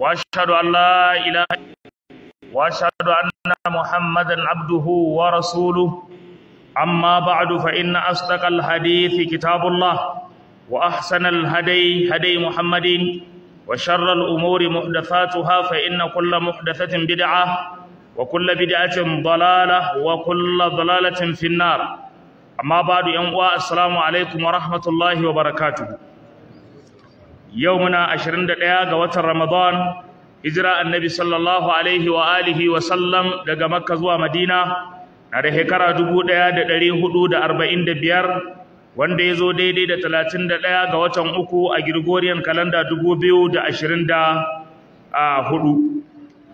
واشهد ان لا اله واشهد ان محمدا عبده ورسوله اما بعد فان اصدق الحديث كتاب الله واحسن الهدي هدي محمد وشر الامور محدثاتها فان كل محدثه بدعه وكل بدعه ضلاله وكل ضلاله في النار amma badu yan uwa assalamu alaikum wa rahmatullahi wa barakatuhu yau muna 21 ga watan Ramadan hijira annabi sallallahu alaihi wa alihi wa sallam daga Makka zuwa Madina na da shekara 1445 wanda ya zo daidai da 31 ga watan uku a Gregorian kalanda 2024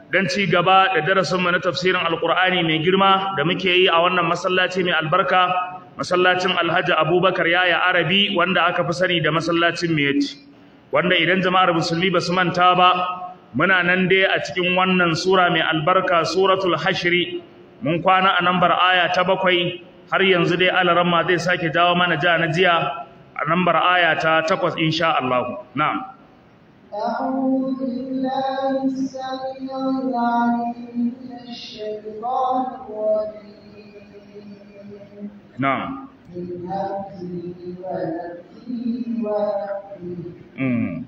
don ci gaba da darasinmu na tafsirin Alƙur'ani mai girma da muke yi a wannan masallaci mai albarka masallacin alhaji abubakar yaya arabi wanda aka fi sani da masallacin miyati wanda idan jama'ar musulmi ba su manta ba muna nan dai a cikin wannan sura mai albarka suratul hashri mun kwana a nambar aya ta bakwai har yanzu dai alaramma zai sake jawo mana ja na jiya a nambar aya ta takwas insha Allah na'am أعوذ بالله السميع العليم من الشيطان الرجيم نعم من همزه ونفسه ونفسه Mm. Mm.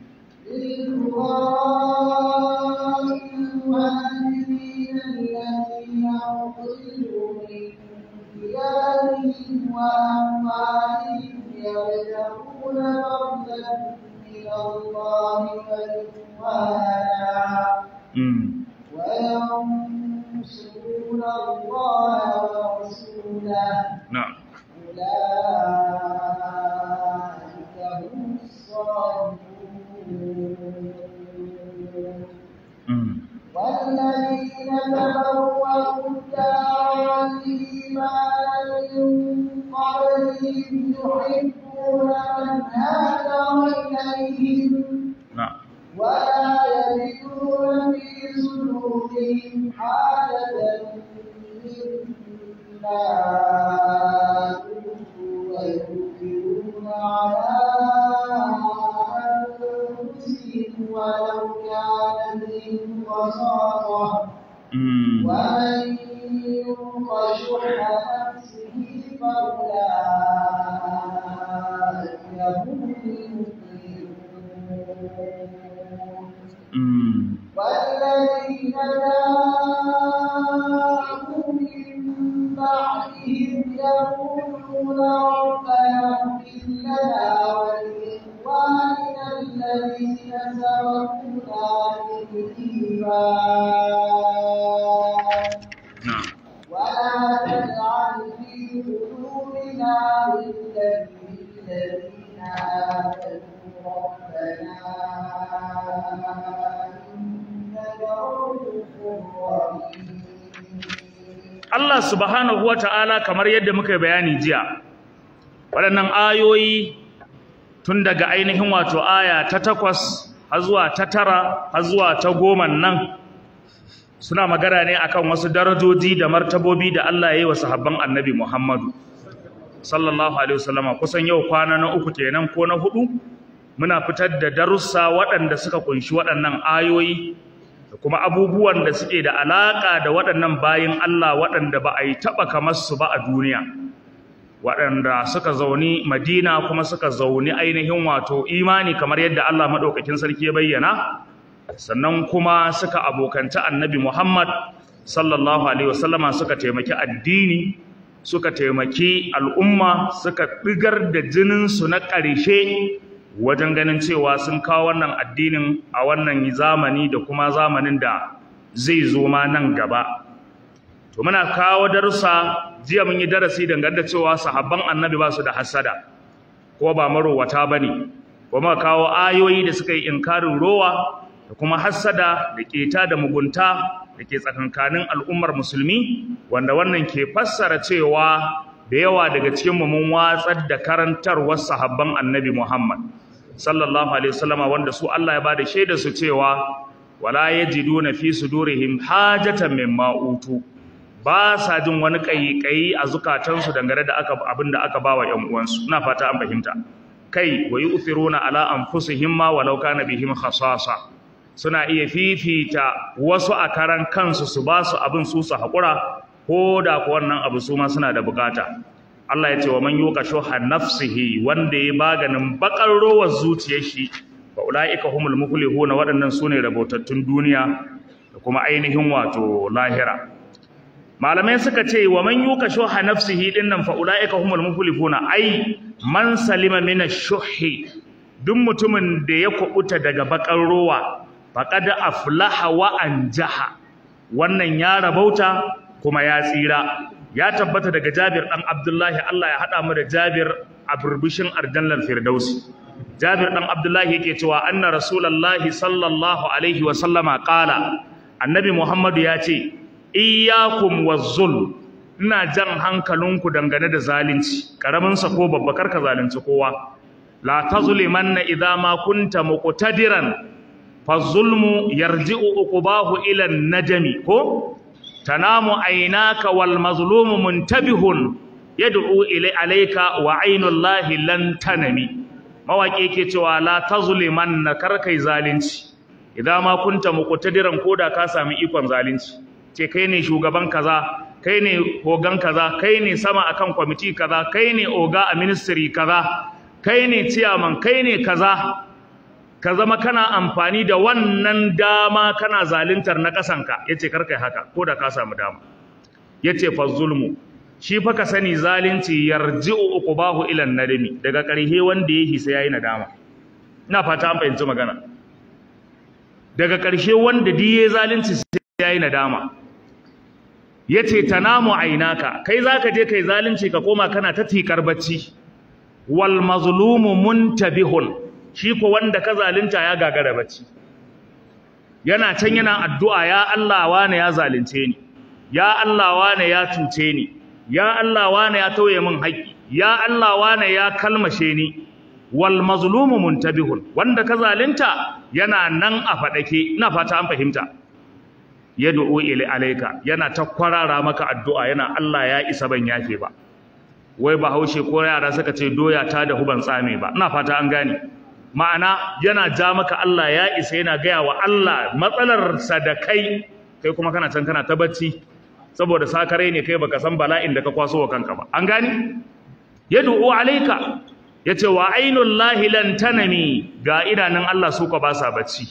وينصرون الله ورسوله نعم الذين جاءوا من بعدهم يقولون ربنا اغفر لنا ولإخواننا الذين سبقونا بالإيمان نعم. ولا تجعل في قلوبنا غلا للذين آمنوا ربنا Allah subhanahu wa ta'ala kamar yadda muka bayani jiya waɗannan ayoyi tun daga ainihin wato aya ta takwas har zuwa ta tara har zuwa ta goma nan suna magana ne akan wasu darajoji da martabobi da Allah ya yi wa sahabban annabi Muhammadu sallallahu alaihi wasallama kusan yau kwana na uku kenan ko na hudu muna fitar da darussa waɗanda suka kunshi waɗannan ayoyi kuma abubuwan da suke da alaƙa da waɗannan bayin Allah waɗanda ba a yi taɓa kamar su ba a duniya waɗanda suka zauni madina kuma suka zaune ainihin wato imani kamar yadda Allah maɗaukakin sarki ya bayyana sannan kuma suka abokanta annabi Muhammad sallallahu alaihi wasallama suka taimaki addini suka taimaki al'umma suka ɗigar da jininsu na ƙarshe wajen ganin cewa sun kawo wannan addinin a wannan zamani da kuma zamanin da zai zo ma nan gaba to muna kawo darussa jiya mun yi darasi dangane da cewa sahabban annabi ba su da hasada ko ba marowata bane kuma kawo ayoyi da suka yi inkarin rowa da kuma hassada da keta da mugunta da ke tsakankanin al'ummar musulmi wanda wannan ke fassara cewa da yawa daga cikin mu mun watsar da karantarwar sahabban annabi Muhammad sallallahu alaihi wasallama wanda su Allah ya bada shaida su cewa wala yajiduna fi sudurihim hajatan mimma utu ba sa jin wani kayi a su dangare da aka abinda aka bawa ƴan uwansu ina fata an fahimta kai wa yu'thiruna ala anfusihim ma walau kana bihim khasasa suna iya fifita wasu a karan kansu su ba su abin su su haƙura ko da ku wannan abu su ma suna da buƙata. Allah ya ce wa man yuka shuha nafsihi wanda ya maganin bakar rowar zuciyar shi fa ulaika humul muflihuna waɗannan sune rabotattun duniya da kuma ainihin wato lahira malamai suka ce wa man yuka shuha nafsihi dinnan fa ulaika humul muflihuna ai man salima min ash-shuhi duk mutumin da ya kubuta daga bakar rowa faqad aflaha wa anjaha wannan ya rabauta kuma ya tsira ya tabbata daga Jabir ɗan Abdullahi Allah ya haɗa mu da Jabir a burbushin aljannar Firdausi Jabir ɗan Abdullahi yake cewa anna Rasulullahi sallallahu alaihi wa sallama qala Annabi Muhammadu ya ce iyyakum Wazul ina jan hankalinku dangane da zalunci karamin sa ko babba karka zalunci kowa la tazlimanna idza ma kunta muqtadiran fazulmu yarji'u uqbahu ila najmi ko tanamu aynaka wal mazlumu muntabihun yad'u ilay alayka wa aynullahi lan tanami mawaki yake cewa la tazlimanna kai zalunci idan ma kunta muqtadiran koda ka sami ikon zalunci ce kai ne shugaban kaza kai ne ogan kaza kai ne sama akan kwamiti kaza kai ne oga a ministry kaza kai ne ciyaman kai ne kaza ka zama kana amfani da wannan dama kana zaluntar na kasanka yace kar kai haka ko da ka samu dama yace fa zulmu shi fa ka sani zalunci yarji'u uqbahu ila nadimi daga karhe wanda yake sai yayi nadama ina fata an fahimci magana daga karshe wanda diye zalunci sai yayi nadama yace tanamu ainaka kai zaka je kai zalunci ka koma kana ta tikar bacci wal mazlumu muntabihun shi ko wanda ka zalunta ya gagara bacci yana can yana addu'a ya Allah wane ya zalunce ni ya Allah wane ya cuce ni ya Allah wane ya tauye min haƙƙi ya Allah wane ya kalmashe ni wal mazlumu muntabihun wanda ka zalunta yana nan a fadake ina fata an fahimta yad'u ila alayka yana ta kwarara maka addu'a yana Allah ya isa ban yafe ba wai bahaushe ko yara suka ce doya ta da huban tsame ba ina fata an gane ma'ana yana ja maka Allah ya isa yana gaya wa Allah matsalar sadakai kai kuma kana can kana ta bacci saboda sakare ne kai baka san bala'in da ka kwaso wa kanka ba an gani yad'u alayka yace wa ainul lahi lan tanami ga idanun Allah su ka ba sa bacci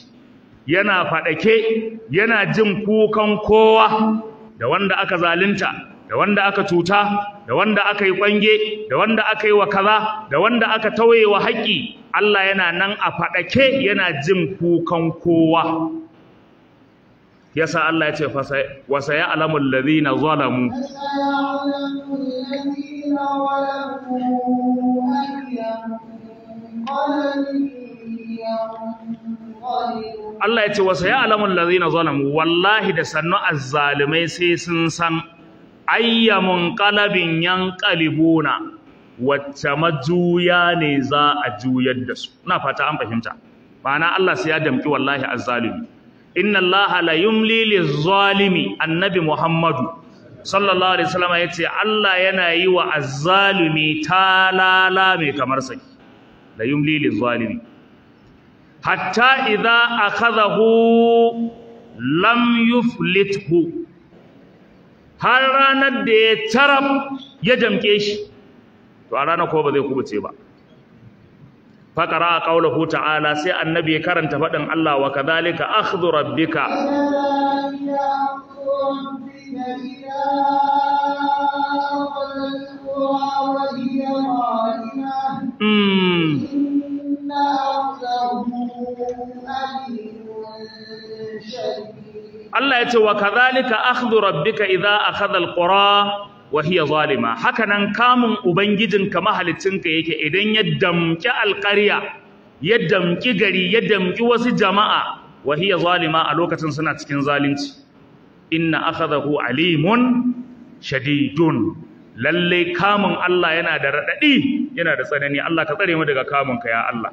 yana fadake yana jin kukan kowa da wanda aka zalunta da wanda aka cuta da wanda aka yi kwange da wanda aka yi wa kaza da wanda aka tauye wa haƙƙi Allah yana nan a faɗake yana jin kukan kowa yasa Allah ya ce wa saya alamul ladina zalamu Allah ya ce wa saya alamul ladina zalamu wallahi da sannu zalimai sai sun san ayyamun yan yanqalibuna wacce majuya ne za a juyar da su ina fata an fahimta ma'ana Allah sai ya damki wallahi azzalimi inna Allah la yumli lizzalimi annabi Muhammadu sallallahu alaihi wasallam yace Allah yana yi wa azzalimi talala mai kamar saki la yumli lizzalimi hatta idza akhadahu lam yuflithu har ranar da ya carab ya jamke shi to a ranar ko ba zai kubuce ba faƙara a ƙaunahu ta'ala sai annabi ya karanta faɗin Allah wa kadhalika akhdhu rabbika Mm. Allah ya ce wa kadhalika akhdhu rabbika idza akhadha alqura wa hiya zalima hakanan kamun ubangijinka mahalicinka yake idan ya damki alqarya ya damki gari ya damki wasu jama'a wa hiya zalima a lokacin suna cikin zalunci inna akhadahu alimun shadidun lalle kamun Allah yana da radadi yana da tsanani Allah ka tsare mu daga kamun ka ya Allah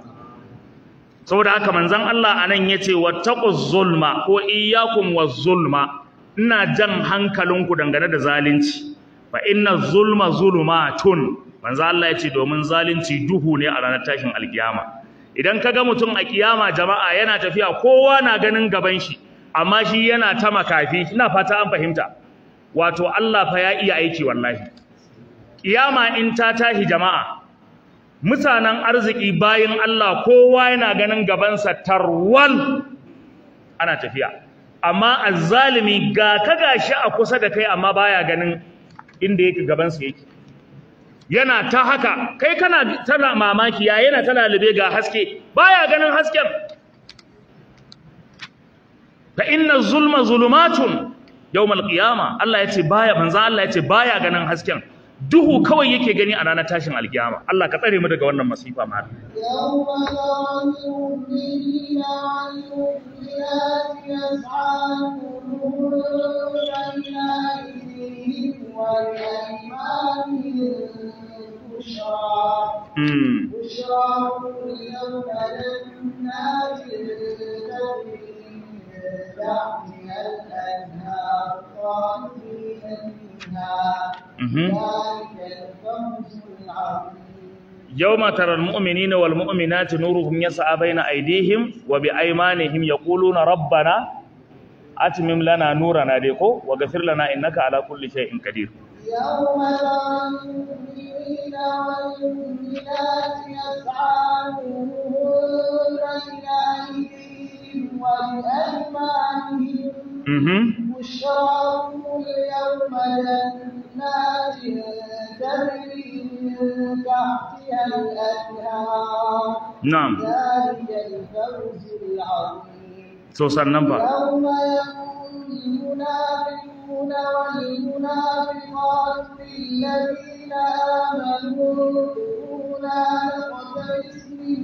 saboda haka manzon Allah anan wa wattaquz zulma ko iyyakum waz zulma ina jan hankalinku dangane da zalunci fa inna zulma zulumatun tun Allah yace domin zalunci duhu ne a ranar tashin alkiyama idan ka ga mutum a ƙiyama jama'a yana tafiya kowa na ganin gaban shi amma shi yana ta makafi ina fata an fahimta wato Allah fa ya iya aiki wallahi Ƙiyama in ta tashi jama'a mutanen arziki bayan Allah kowa yana ganin gabansa tarwal ana tafiya amma azzalimi ga ka gashi a kusa da kai amma baya ganin inda yake gabansa yake yana ta haka kai kana tana mamaki ya yana tana lube ga haske baya ganin hasken fa inna zulma zulumatun yawmal qiyama Allah yace baya manzo Allah yace baya ganin hasken duhu kawai yake gani a ranar tashin alkiyama Allah ka tsare mu daga wannan masifa ma يوم ترى المؤمنين والمؤمنات نورهم يسعى بين أيديهم وبأيمانهم يقولون ربنا أتمم لنا نورنا ديكو وغفر لنا إنك على كل شيء قدير يوم ترى المؤمنين والمؤمنات يسعى نورهم بين أيديهم ولأيمانهم بشراكم اليوم جنات تجري من تحتها الأنهار نعم ذلك الفوز العظيم سوسة النمبر يوم يقول المنافقون والمنافقات للذين آمنوا انظرونا نقتبس من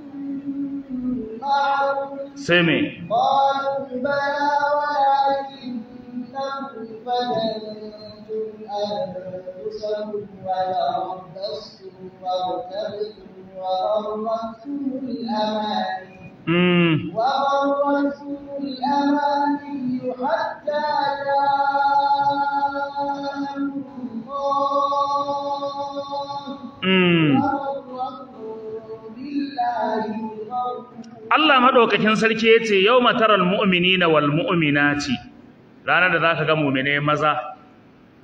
sai me Mm. وغرتهم الأماني حتى جاءهم الله Allah madaukakin sarki yace yawma taral mu'minina wal mu'minati ranar da zaka ga mu'minai maza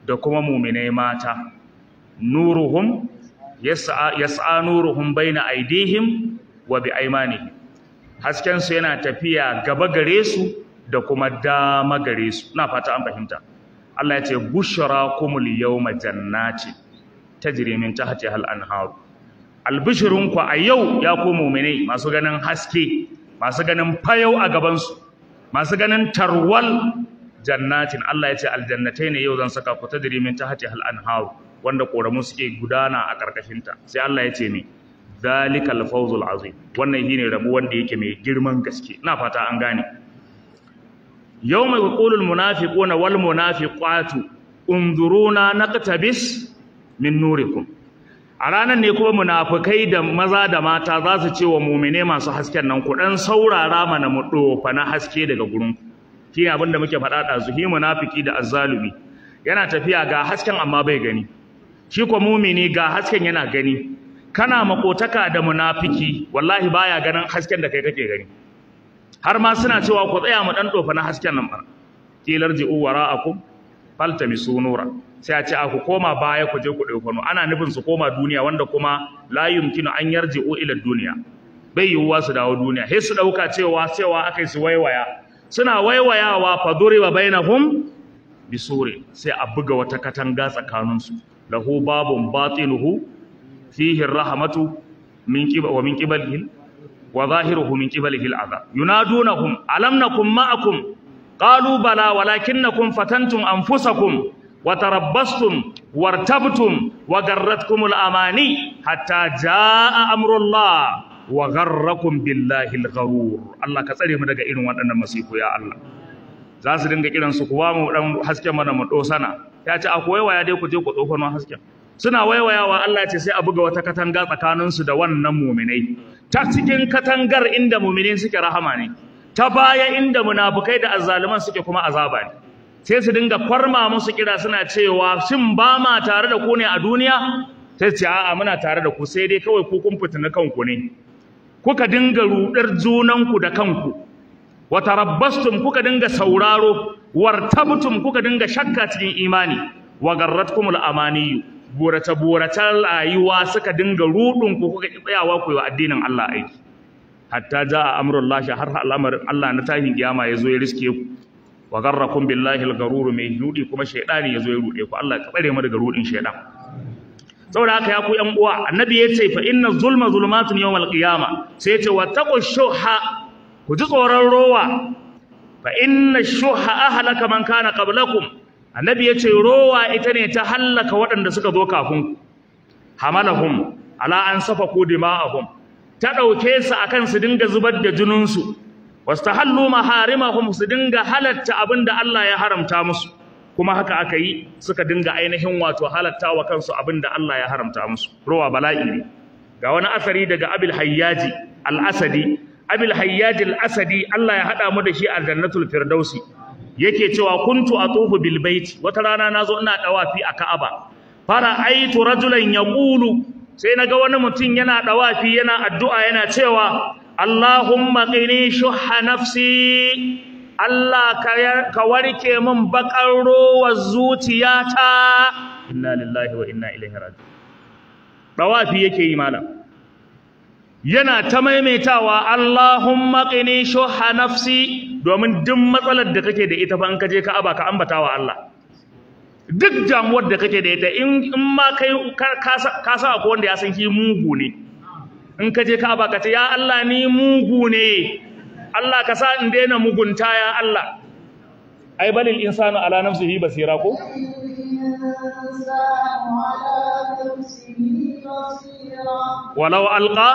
da kuma mu'minai mata nuruhum yas'a yas'a nuruhum baina aidihim wa bi aymanihim hasken su yana tafiya gaba gare su da kuma dama gare su ina fata an fahimta Allah yace bushra kumul yawma jannati tajri min tahtiha al anharu albishirinku a yau ya komo muminai masu ganin haske masu ganin fayau a gabansu masu ganin tarwal jannatin Allah ya ce aljannatai ne yau zan saka ku tadri min tahti hal anharu wanda koramu suke gudana a karkashin sai Allah ya ce ne zalikal fawzul azim wannan shine rabu wanda yake mai girman gaske ina fata an gane yawma yaqulul munafiquna wal munafiqatu unzuruna naqtabis min nurikum a ranar ne kuma munafukai da maza da mata za su ce wa mumine masu hasken nan ku ɗan saurara mana mu dofa na haske daga gurin shi abin da muke faɗa su, hi munafiki da azzalumi yana tafiya ga hasken amma bai gani shi ko mumini ga hasken yana gani kana makotaka da munafiki wallahi baya ganin hasken da kai kake gani har ma suna cewa ku tsaya mu dan dofa na hasken nan bara kilar ji'u wara'akum faltamisu nura sai a ce a ah, ku koma baya ku je ku ɗauko nu ana nufin su koma duniya wanda kuma la yumkinu an u ila duniya bai yiwuwa su dawo duniya sai su ɗauka cewa cewa akai su waiwaya suna waiwayawa fa wa bainahum bisure sai a buga wata katanga tsakaninsu lahu babun batinuhu fihi rahmatu min qibal wa min qibalihi wa zahiruhu min qibalihi al'azab yunadunahum alam nakum ma'akum qalu bala walakinnakum fatantum anfusakum wa tarabbastum wartabtum wa garratkumul amani hatta jaa amrullah wa gharrakum billahi al Allah ka tsare mu daga irin waɗannan masifu ya Allah za su dinga kiran kuwa mu dan hasken mana mu dosana ya ce a koyewa dai ku je ku tsofano hasken suna waiwayawa Allah ce sai a buga wata katanga tsakaninsu da wannan muminai ta cikin katangar inda muminin suke rahama ne ta baya inda munafukai da azzaluman suke kuma azaba ne sai su dinga farma musu kira suna cewa shin ba ma tare da ku ne a duniya sai ce a'a muna tare da ku sai dai kawai ku kun fitina kanku ne kuka dinga rudar junanku da kanku wa tarabbastum kuka dinga sauraro wartabtum kuka dinga shakka cikin imani wa garratkumul amaniyu burata buratan rayuwa suka dinga rudun ku kuka tsayawa ku yi addinin Allah aiki hatta a jaa lashe har al'amarin Allah na tashin kiyama yazo ya riske ku wa garrakum billahi al-garur mai nudi kuma shaytani yazo ya rude ku Allah ya tsare mu daga rudin shaytan saboda haka ya ku yan uwa annabi ce fa inna zulma zulumatun yawmal qiyama sai ce wa taqushuha ku ji tsoron rowa fa inna shuha ahlaka man kana qablakum annabi yace rowa ita ne ta hallaka waɗanda suka zo kafin ku hamalahum ala an safaku dima'ahum ta ɗauke su kan su dinga zubar da jininsu wastahallu maharimahum su dinga halatta da Allah ya haramta musu kuma haka aka yi suka dinga ainihin wato halatta wa kansu abin da Allah ya haramta musu ruwa bala'i ne ga wani asari daga Abil Hayyaji Al-Asadi Abil Hayyaji Al-Asadi Allah ya haɗa mu da shi a Jannatul Firdausi yake cewa kuntu a bil bait wata rana nazo ina dawafi a Ka'aba fara aitu rajulan yaqulu sai na ga wani mutum yana ɗawafi yana addu'a yana cewa Allahumma qini shuhha nafsi Allah ka warke min baƙar rowar zuciyata inna lillahi wa inna ilaihi ɗawafi yake yi malam yana ta maimaitawa Allahumma qini shuhha nafsi domin duk matsalar da kake da ita fa in ka je ka aba ka ambata wa Allah duk damuwar da kake da ita in ma kai ka sa ko wanda ya san shi mugu ne in ka je ka ba ka ce ya Allah ni mugu ne Allah ka sa in daina mugunta ya Allah ai balil insanu ala nafsihi basira ko walau alqa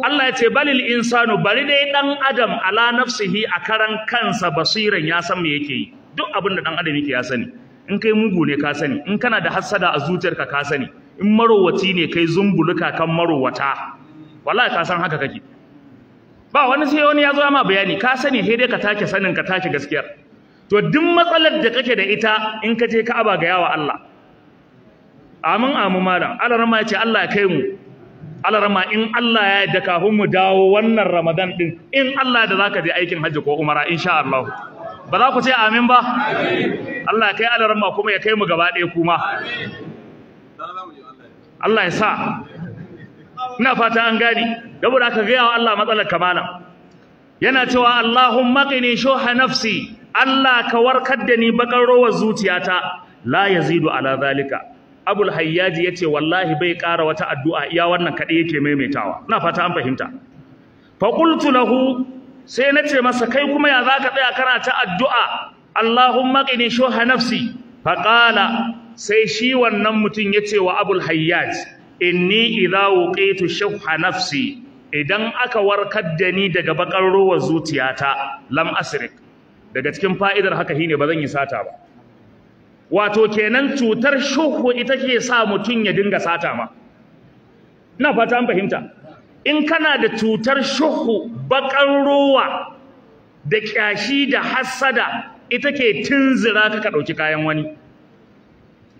Allah ya ce balil insanu bari dai dan adam ala nafsihi a karan kansa basiran ya san me yake yi duk abin da dan adam yake ya sani in kai mugu ne ka sani in kana da hassada a zuciyarka ka sani in marowaci ne kai zumbuluka kan marowata wallahi ka san haka kake ba wani sai wani ya zo ma bayani ka sani sai dai ka take sanin ka take gaskiyar to duk matsalar da kake da ita in ka je Ka'aba ga yawa Allah amin amu malam rama ya ce Allah ya kai mu rama in Allah ya yarda kafin mu dawo wannan Ramadan din in Allah da zaka je aikin hajji ko umara insha Allah ba za ku ce amin ba Allah ya kai alarma kuma ya kai mu gaba ɗaya kuma Allah ya sa ina fata an gani saboda aka gaya wa Allah matsalar kamala yana cewa Allahumma qini shuha nafsi Allah ka warkar da ni bakar rowar zuciyata la yazidu ala zalika Abul Hayyaji yace wallahi bai ƙara wata addu'a iya wannan kaɗai yake maimaitawa ina fata an fahimta fa qultu lahu sai na ce masa kai kuma ya za ka tsaya kana ta addu'a Allahumma qini shuha nafsi Faƙala sai shi wannan mutum ya ce wa Abul Hayyaj inni idza wuqitu shuha nafsi idan aka warkar da ni daga bakar ruwa zuciyata lam asrik daga cikin fa'idar haka shine ba zan yi sata ba wato kenan cutar shuhu ita ke sa mutum ya dinga sata ma ina fata an fahimta in kana da cutar shuhu bakan ruwa da ƙyashi da hassada ita ke tunzira ka ka ɗauki kayan wani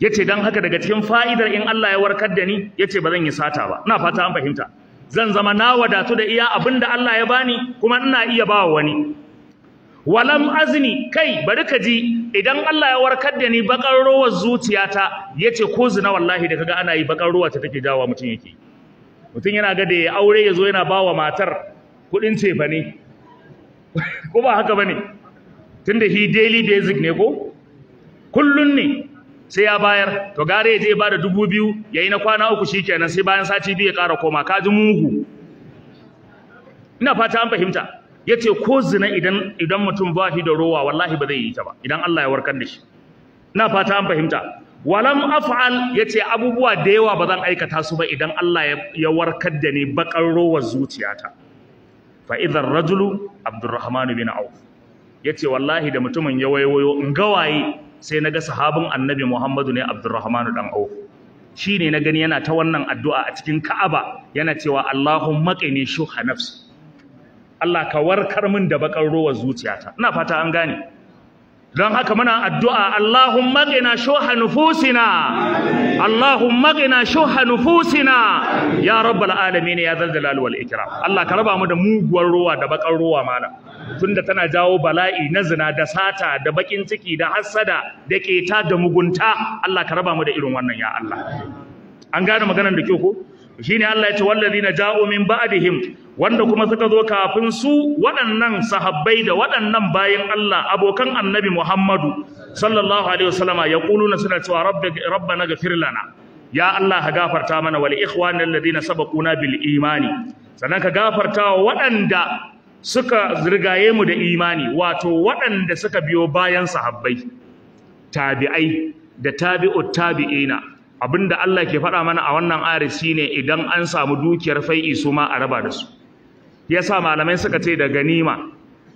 ya ce haka daga cikin fa'idar in Allah ya warkar da ni yace ce ba zan yi sata ba ina fata an fahimta zan zama na wadatu da iya abinda Allah ya bani kuma ina iya ba wani walam azni kai bari ka ji idan Allah ya warkar da ni bakan ruwar zuciyata ya ce ko zina wallahi da kaga ana yi bakan ruwa ta take jawa mutum yake mutum yana ga da ya aure ya zo yana ba wa matar kuɗin cefa ne ko ba haka ba ne tun da shi daily basic ne ko kullum ne sai ya bayar to gare ya je ba da dubu biyu ya yi na kwana uku shi kenan sai bayan sati biyu ya ƙara koma ka ji mugu ina fata an fahimta ya ce ko zina idan idan mutum ba shi da rowa wallahi ba zai yi ta ba idan Allah ya warkar da shi ina fata an fahimta walam af'al yace abubuwa da yawa ba zan aikata su ba idan Allah ya warkar da ni bakar rowar zuciyata fa idhar rajulu abdurrahman bin auf yace wallahi da mutumin ya wayo in gawaye sai naga sahabin annabi muhammadu ne abdurrahman dan auf shine na gani yana ta wannan addu'a a cikin ka'aba yana cewa allahumma qini shuha nafsi Allah ka warkar min da bakar rowar zuciyata ina fata an gane don haka muna addu'a Allahumma gina shuha nufusina Allahumma gina shuha nufusina ya rabbal ne ya zalzalal wal ikram Allah ka raba mu da muguwar ruwa da bakar ruwa mana tunda tana jawo bala'i na zina da sata da bakin ciki da hassada da keta da mugunta Allah ka raba mu da irin wannan ya Allah an gane maganar da kyau ko shine Allah ya ce wallazina ja'u min ba'dihim wanda kuma suka zo kafin su waɗannan sahabbai da waɗannan bayin Allah abokan annabi Muhammadu sallallahu alaihi wasallama yaquluna suna cewa rabbana ghfir lana ya Allah ka gafarta mana wal ikhwana alladhina sabaquna bil imani sannan ka gafarta wa waɗanda suka zirgaye mu da imani wato waɗanda suka biyo bayan sahabbai tabi'ai da tabi'ut tabi'ina Abin da Allah ke faɗa mana a wannan ayar ne idan an samu dukiyar fai'i su ma a raba da su yasa malamai suka ce da ganima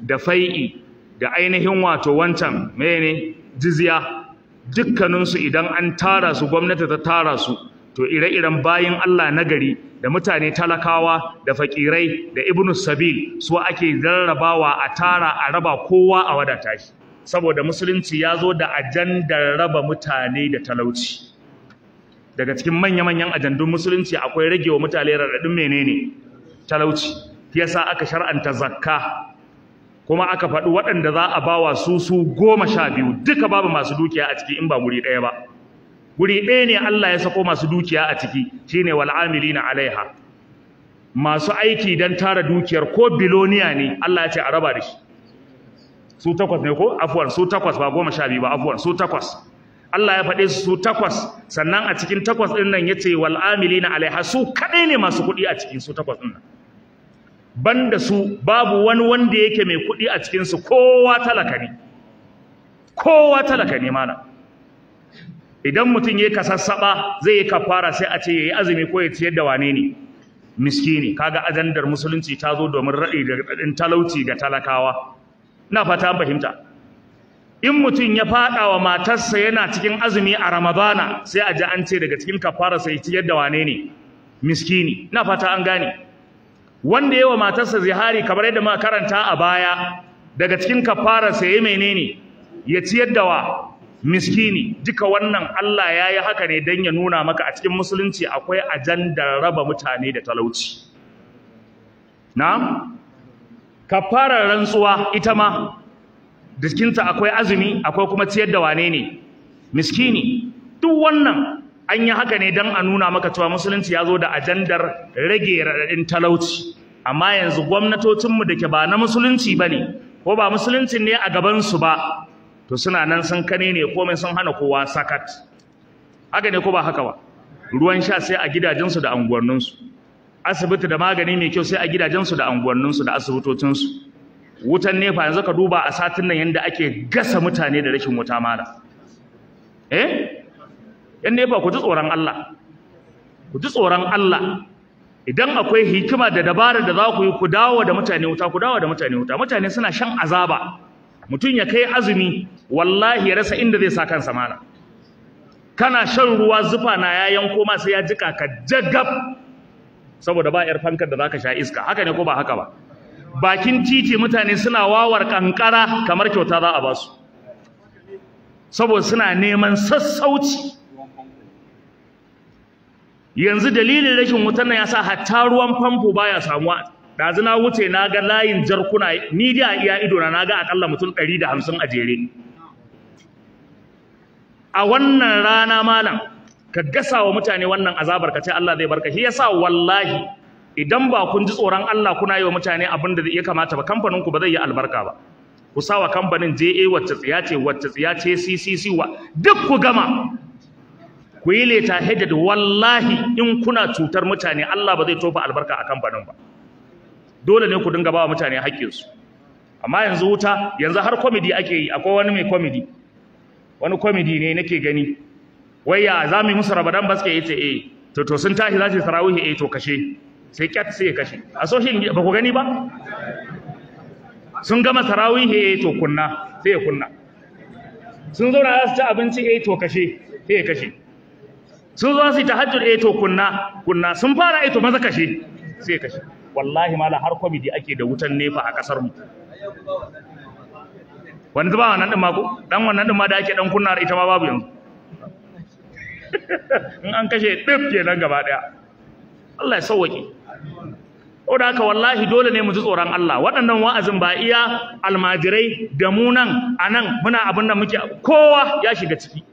da fai'i da ainihin wato wancan mene jizya dukkaninsu idan an tara su gwamnati ta tara su to ire-iren bayin Allah nagari da mutane talakawa da faƙirai da ibnu sabil su ake rarrabawa a tara a raba kowa a wadata shi saboda musulunci ya zo da ajandar raba mutane da talauci daga cikin manya-manyan ajandun musulunci akwai rage wa mutane raɗaɗin menene talauci yasa aka shar'anta zakka kuma aka faɗi waɗanda za a bawa su su goma sha biyu duka babu masu dukiya a ciki in ba guri ɗaya ba guri ɗaya ne Allah ya sako masu dukiya a ciki shine wal amilina alaiha masu aiki don tara dukiyar ko biloniya ne Allah ya ce a raba da shi su takwas ne ko afuwan su takwas ba goma sha biyu ba afuwan su takwas Allah ya faɗe su takwas sannan a cikin takwas ɗin nan yace wal amilina alaiha su kaɗai ne masu kuɗi a cikin su takwas ɗin nan banda su babu wani wanda yake mai kuɗi a cikinsu kowa talaka ne kowa talaka ne mana idan mutum ya yi kasassaba zai yi kafara sai a ce ya yi azumi ko ya ciyar da wane ne ne kaga ajandar musulunci ta zo domin raɗi da talauci ga talakawa na fata fahimta in mutum ya faɗa wa matarsa yana cikin azumi a ramadana sai a ji an ce daga cikin kafara sai ciyar da wane ne miskini ina fata an gane wanda yawa matarsa zihari kamar yadda makaranta karanta a baya daga cikin kafara sai ya menene ya ciyar da wa miskini duka wannan Allah ya yi haka ne don ya nuna maka a cikin musulunci akwai ajandar raba mutane da talauci na kafarar rantsuwa ita ma Diskinta akwai azumi akwai kuma ciyar da wane ne miskini duk wannan an yi haka ne don a nuna maka cewa musulunci ya zo da ajandar rage raɗaɗin talauci amma yanzu gwamnatocinmu da ke ba na musulunci ba ne ko ba musulunci ne a gabansu ba to suna nan sun kane ne komai sun hana kowa sakat haka ne ko ba haka ba ruwan sha sai a gidajensu da unguwanninsu asibiti da magani mai kyau sai a gidajensu da unguwanninsu da asibitocinsu wutan nefa yanzu ka duba a satin nan yanda ake gasa mutane da rashin wuta mara eh yan nefa ku ji tsoron Allah ku ji tsoron Allah idan akwai hikima da dabara da za ku yi ku dawo da mutane wuta ku dawo da mutane wuta mutane suna shan azaba mutum ya kai azumi wallahi ya rasa inda zai sa kansa mara kana shan ruwa zufa na ya yanko ma sai ya jika ka jagab saboda ba yar fankar da zaka sha iska haka ne ko ba haka ba bakin titi mutane suna wawar kankara kamar kyauta za a ba su saboda suna neman sassauci yanzu dalilin rashin wutar nan ya sa hatta ruwan famfo baya samuwa ɗazu na wuce na ga layin jarkuna ni da iya idona na ga akalla mutum ɗari da hamsin a jere a wannan rana malam ka gasa wa mutane wannan azabar ka ce Allah zai barka shi yasa wallahi idan ba kun ji tsoron Allah kuna yi wa mutane abin da ya kamata ba kamfanin ku ba zai yi albarka ba ku sa wa kamfanin JA wacce tsiya ce wacce tsiya ce CCC wa duk ku gama ku yi leta headed wallahi in kuna cutar mutane Allah ba zai tofa albarka a kamfanin ba dole ne ku dinga ba wa mutane haƙƙinsu amma yanzu wuta yanzu har comedy ake yi akwai wani mai comedy wani comedy ne nake gani wai ya za mu yi musu rabadan baske yace eh to to sun tashi za su yi sarawihi eh to kashe sai kyat sai ya kashe a social media ba ku gani ba sun gama sarawih he eh, to kunna sai ya kunna sun zauna za su ci abinci eh to kashe sai ya kashe sun zo su yi tahajjud eh to kunna kunna sun fara eh to maza kashe sai ya kashe wallahi mala har kwamiti ake da wutan nefa a kasar mu wani zuba wannan din ma ko dan wannan din ma da ake dan kunna ita ma babu yanzu in an kashe dip kenan gaba daya Allah ya sauwake Oda haka wallahi dole ne mu ji tsoron Allah waɗannan wa'azin ba iya almajirai da mu nan a nan muna abin da muke kowa ya shiga ciki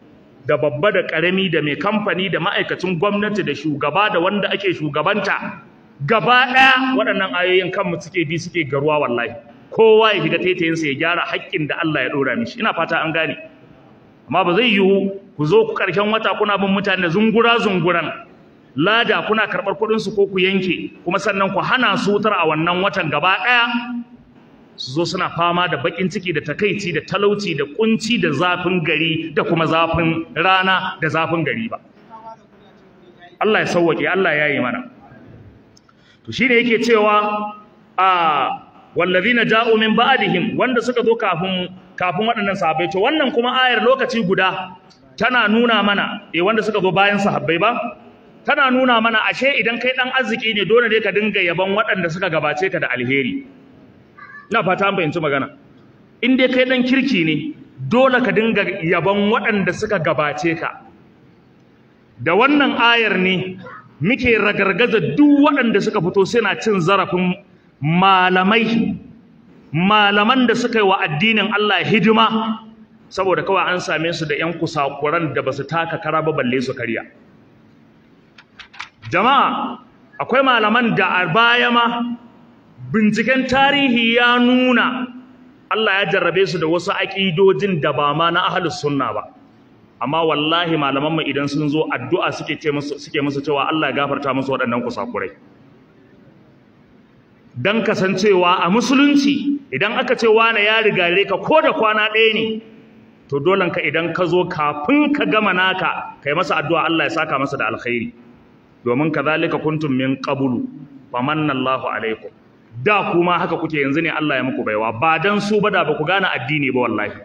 da babba da ƙarami da mai kamfani da ma'aikacin gwamnati da shugaba da wanda ake shugabanta gaba ɗaya waɗannan ayoyin kanmu suke bi suke garuwa wallahi kowa ya shiga taitayinsa ya gyara haƙƙin da Allah ya ɗora mishi ina fata an gane amma ba zai yiwu ku zo ku ƙarshen wata kuna bin mutane zungura zunguran lada kuna karɓar kuɗinsu ko ku yanke kuma sannan ku hana su wutar a wannan watan gaba ɗaya su zo suna fama da baƙin ciki da takaici da talauci da kunci da zafin gari da kuma zafin rana da zafin gari ba Allah ya sauwaƙe Allah ya yi mana to shine yake cewa a wallazina ja'u min ba'dihim wanda suka zo kafin kafin waɗannan sahabbai to wannan kuma ayar lokaci guda tana nuna mana eh wanda suka zo bayan sahabbai ba tana nuna mana ashe idan kai dan arziki ne dole ne ka dinga yaban waɗanda suka gabace ka da alheri ina fata an fahimci magana in dai kai dan kirki ne dole ka dinga yaban waɗanda suka gabace ka da wannan ayar ne muke ragargaza duk waɗanda suka fito suna cin zarafin malamai malaman da suka yi wa addinin Allah hidima saboda kawai an same su da 'yan kusakuran da ba su taka kara ba balle su karya jama'a akwai malaman da a baya ma binciken tarihi ya nuna Allah ya jarrabe su da wasu aƙidojin da ba ma na ahlus sunna ba amma wallahi malaman mu idan sun zo addu'a suke ce musu suke musu cewa Allah ya gafarta musu waɗannan kusakurai dan kasancewa a musulunci idan aka ce wani ya rigare ka ko da kwana ɗaya ne to dolan ka idan ka zo kafin ka gama naka kai masa addu'a Allah ya saka masa da alkhairi domin ka zalika kuntum min qablu Allahu alaikum da kuma haka kuke yanzu ne Allah ya muku baiwa ba dan su ba da ba ku gane addini ba wallahi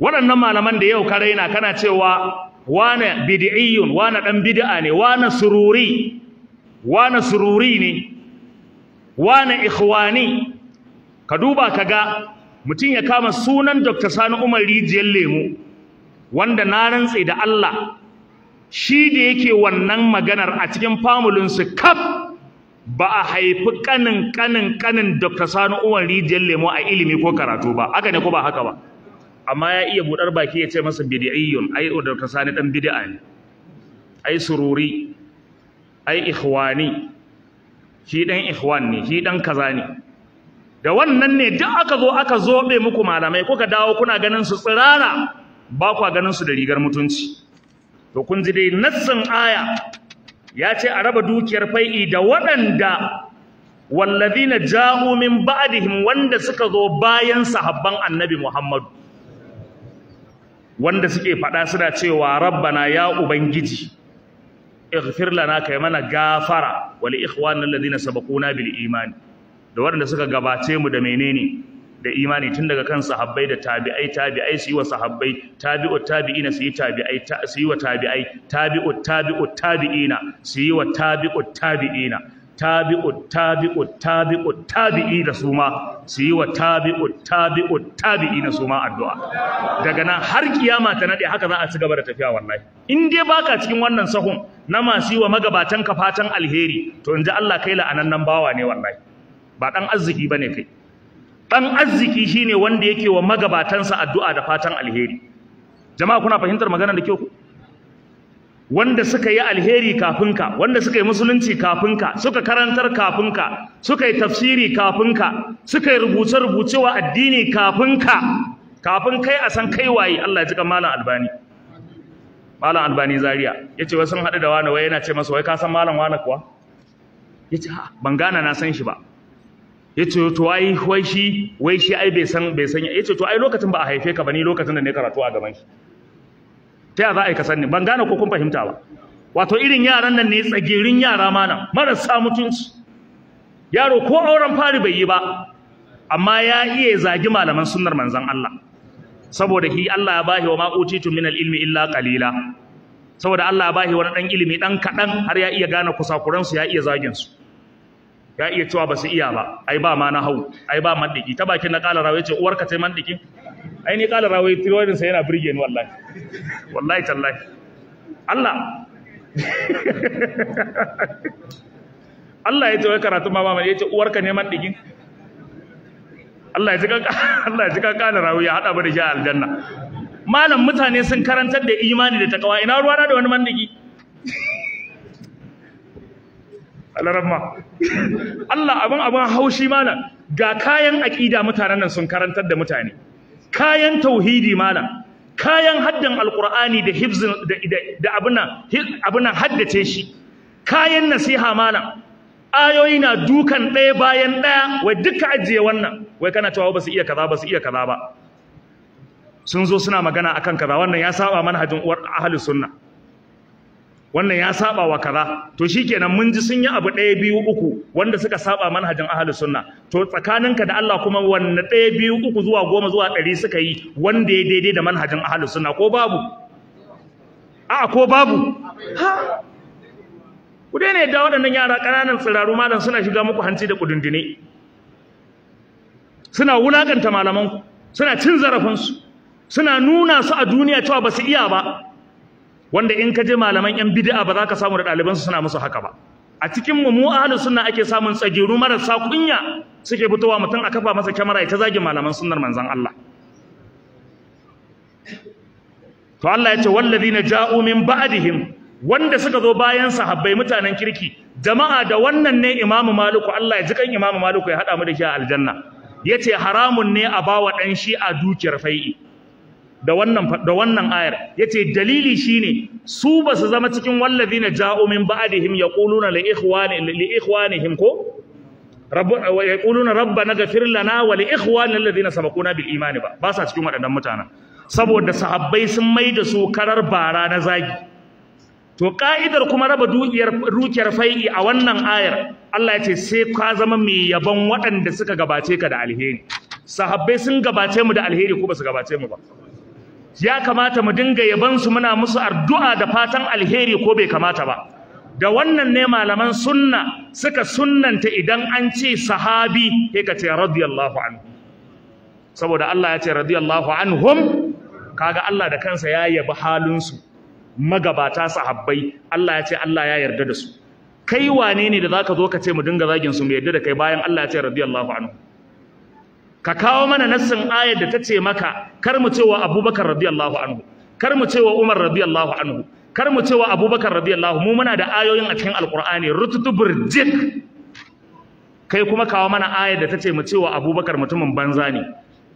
waɗannan malaman da yau ka raina kana cewa wane bid'iyyun wane dan bid'a ne wane sururi wane sururi ne wane ikhwani ka duba ka ga mutum ya kama sunan Dr. Sani Umar Rijiyar Lemu wanda na rantse da Allah shi da yake wannan maganar a cikin famulinsu kaf ba a haifi kanin kanin kanin Dr. Sani uwan Rijiyar Lemo a ilimi ko karatu ba haka ne ko ba haka ba amma ya iya budar baki ya ce masa bidiyayyun ai Dr. Sani dan bid'a ne ai sururi ai ikhwani shi dan ikhwan ne shi dan kaza ne da wannan ne duk aka zo aka zobe muku malamai kuka dawo kuna ganin su tsirara ba kwa ganin su da rigar mutunci to kun ji dai nassin aya ya ce a raba dukiyar fai'i da waɗanda wallazina ja'u min ba'dihim wanda suka zo bayan sahabban annabi Muhammadu wanda suke faɗa suna cewa rabbana ya ubangiji ighfir lana kai mana gafara wal ikhwanil ladina sabaquna bil imani? da waɗanda suka gabace mu da menene da imani tun daga kan sahabbai da tabi'ai tabi'ai su yi wa sahabbai tabi'u tabi'ina su yi tabi'ai su yi wa tabi'ai tabi'u tabi'u tabi'ina su yi wa tabi'u tabi'ina tabi'u tabi'u tabi'u tabi'ina su ma su yi wa tabi'u tabi'u tabi'ina su ma addu'a daga nan har kiyama ta nade haka za a ci gaba da tafiya wallahi in dai baka cikin wannan sahun na masu yi wa magabatan ka fatan alheri to in ji Allah kai la'anannan bawa ne wallahi ba dan arziki bane kai dan arziki shine wanda yake wa magabatansa addu'a da fatan alheri jama'a kuna fahimtar magana da kyau wanda suka yi alheri kafin ka wanda suka yi musulunci kafin ka suka karantar kafin ka suka yi tafsiri kafin ka suka yi rubuce rubuce wa addini kafin ka kafin kai a san kai waye Allah ya ji kan malam albani malam albani zaria yace wai sun hadu da wani wai yana ce masa wai ka san malam wani kuwa yace ha ban gana na san shi ba yace to ai wai shi wai shi ai bai san bai san yace to ai lokacin ba a haife ka ba ni lokacin da ne karatu a gaban shi ta ya za a yi ka ban gane ko kun fahimta ba wato irin yaran nan ne tsagerin yara ma nan marasa mutunci yaro ko auren fari bai yi ba amma ya iya zagi malaman sunnar manzon Allah saboda hi Allah ya bahi wa ma'utitu min al-ilmi illa qalila saboda Allah ya bahi wani dan ilimi dan kadan har ya iya gane su ya iya zagin su ya iya cewa ba su iya ba ai ba ma na hau ai ba mandiki ta bakin na kala rawai ce uwarka tai mandiki ai ni kala wai tiroidin sa yana burge ni wallahi wallahi tallahi Allah Allah ya ce wai karatu ma mama ya ce uwarka ne mandiki Allah ya ji kan Allah ya ji kan kala rawai ya hada ba da shi aljanna malam mutane sun karantar da imani da takawa ina ruwana da wani mandiki alarabma Allah abin abin haushi mana ga kayan aƙida mutanen nan sun karantar da mutane kayan tauhidi mana, kayan haddan alqur'ani da hifzin da abunan haddace shi kayan nasiha mana. ayoyi na dukan ɗaya bayan ɗaya wai duka ajiye wannan wai kana cewa ba su iya kaza ba su iya kaza ba sun zo suna magana akan kaza wannan ya saba manhajin uwar ahlus sunna wannan ya saba wa kaza to shikenan mun ji sun yi abu ɗaya biyu uku wanda suka saba manhajin ahli sunna to tsakaninka da Allah kuma wanne ɗaya biyu uku zuwa goma zuwa ɗari suka yi wanda ya daidai da manhajin ahli sunna ko babu a ko babu ha ku daina yadda waɗannan yara ƙananan tsiraru malam suna shiga muku hanci da kudundune suna wulakanta malamanku suna cin zarafinsu suna nuna su a duniya cewa ba su iya ba wanda in ka je malaman yan bid'a ba za ka samu da ɗalibansu suna musu haka ba a cikin mu mu ahlus sunna ake samun tsagiru marasa kunya suke fitowa mutum a kafa masa kyamara ita zage malaman sunnar manzon Allah to Allah ya ce wallazina ja'u min ba'dihim wanda suka zo bayan sahabbai mutanen kirki jama'a da wannan ne imamu maliku Allah ya ji kan imamu maliku ya hada mu da shi a aljanna yace haramun ne a bawa dan shi a dukiyar fai'i da wannan ayar yace dalili shine su ba su zama cikin wallazina ja'u min ba'dihim yaquluna li ikhwani li ikhwanihim ko rabbana yaquluna rabbana ghfir lana wa li ikhwanina alladhina sabaquna bil imani ba ba sa cikin wadannan mutanen saboda sahabbai sun maida su karar bara na zagi to ka'idar kuma raba dukiyar fai'i a wannan ayar Allah ya ce sai ka zama mai yabon waɗanda suka gabace ka da alheri sahabbai sun gabace mu da alheri ko ba su gabace mu ba ya kamata mu dinga yabansu muna musu addu'a da fatan alheri ko bai kamata ba da wannan ne malaman sunna suka sunnanta idan an ce sahabi sai ka ce radiyallahu anhu saboda Allah ya ce radiyallahu anhum kaga Allah da kansa ya yabi halin su magabata sahabbai Allah ya ce Allah ya yarda da su kai wane ne da zaka zo ka ce mu dinga zagin su mu yarda da kai bayan Allah ya ce radiyallahu anhu ka kawo mana nassin ayar da ta ce maka kar mu cewa abubakar radiyallahu anhu kar mu cewa umar radiyallahu anhu kar mu cewa abubakar radiyallahu mu muna da ayoyin a cikin Alqur'ani rututu burjik kai kuma kawo mana ayar da ta ce mu cewa abubakar mutumin banza ne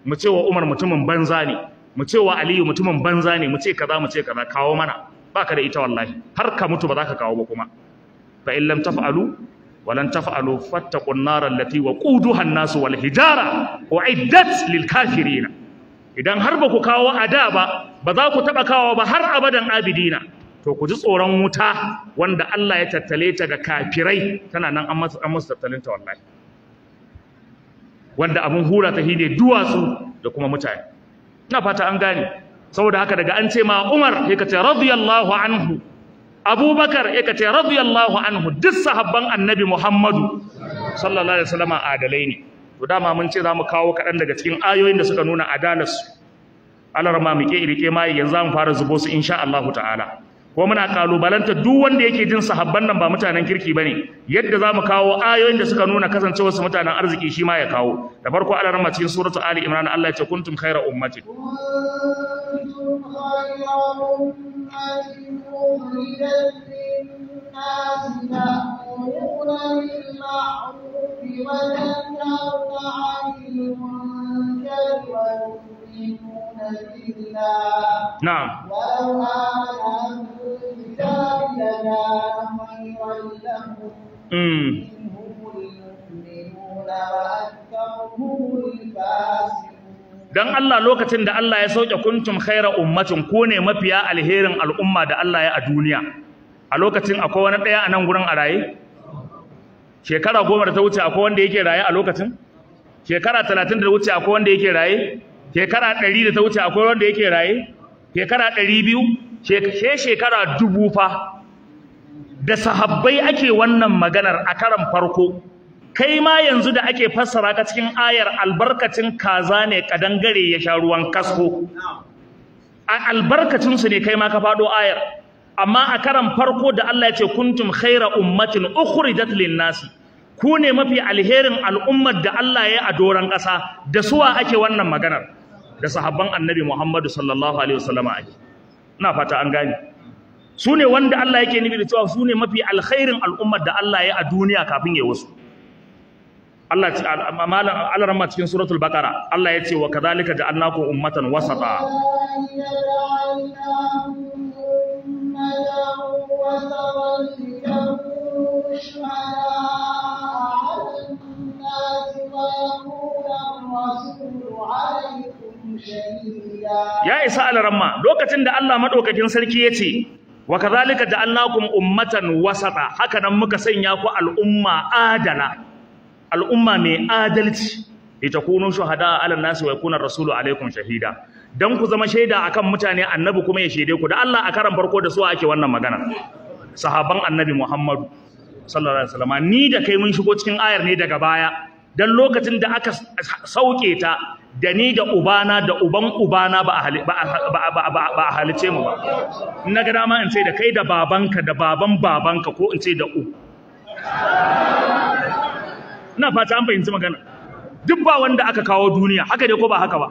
mu cewa umar mutumin banza ne mu cewa aliyu mutumin banza ne mu ce kaza mu ce kaza kawo mana baka da ita wallahi har ka mutu ba za ka kawo ba kuma fa in lam taf'alu walan taf'alu fattaqun nar allati waquduha an-nas wal hijara uiddat lil kafirin idan har ba ku kawo ada ba ba za ku taba kawo ba har abadan abidina to ku ji tsoron wuta wanda Allah ya tattale ta ga kafirai tana nan an masa tattalin ta wallahi wanda abun hura ta hide duwatsu da kuma mutane ina fata an gane saboda haka daga an ce ma Umar sai ka ce radiyallahu anhu abubakar ya ce radiyallahu anhu duk sahabban annabi muhammadu sallallahu alaihi wasallam adalai ne to dama mun ce za kawo kaɗan daga cikin ayoyin da suka nuna adalarsu alar ma muke irke ma yanzu za mu fara zubo su insha Allah ta'ala ko muna kalubalanta duk wanda yake jin sahabban nan ba mutanen kirki bane yadda za mu kawo ayoyin da suka nuna kasancewar su mutanen arziki shi ma ya kawo da farko alar ma cikin suratul ali imran Allah ya ce kuntum khaira ummatin كنتم خير أمة أخرجت للناس تأمرون بالمعروف وتنهون عن المنكر وتؤمنون بالله نعم ولو آمن أهل الكتاب لكان خيرا لهم منهم المؤمنون وأكثرهم الفاسقون dan Allah lokacin da Allah ya sauke kuntum khaira ummatin ko ne mafiya alherin al'umma da Allah ya a duniya a lokacin akwai wani daya a nan gurin a raye shekara goma da ta wuce akwai wanda yake raye a lokacin shekara talatin da ta wuce akwai wanda yake raye shekara ɗari da ta wuce akwai wanda yake raye shekara ɗari biyu she shekara dubu fa da sahabbai ake wannan maganar a karan farko kai ma yanzu da ake fassara ka cikin ayar albarkacin kaza ne kadangare ya sha ruwan kasko a albarkacinsu ne kai ma ka fado ayar amma a karan farko da Allah ya ce kuntum khaira ummatin ukhrijat lin nasi ku ne mafi alherin al'ummar da Allah ya a doran ƙasa da suwa ake wannan maganar da sahabban annabi Muhammadu sallallahu alaihi wasallam ake ina fata an gane su ne wanda Allah yake nufi da cewa su ne mafi alherin al'ummar da Allah ya a duniya kafin ya wasu Allah malam alaran ma cikin suratul baqara Allah yace wa kadhalika ja'alnakum ummatan wasata Ya isa alaramma lokacin da Allah madaukakin sarki yace wa kadhalika ja'alnakum ummatan wasata haka nan muka sanya ku al'umma adala al'umma mai adalci shahada shuhada ala nasu wa kunan rasulu alaikum shahida dan ku zama shaida a kan mutane annabi kuma ya shaide ku da Allah a karan farko da su ake wannan magana sahaban annabi Muhammadu sallallahu alaihi wasallam ni da kai mun shigo cikin ayar ne daga baya dan lokacin da aka sauke ta da ni da ubana da uban ubana ba a halice mu ba na ga dama in ce da kai da babanka da baban babanka ko in ce da u ina fata an fahimci magana duk ba wanda aka kawo duniya haka dai ko ba haka ba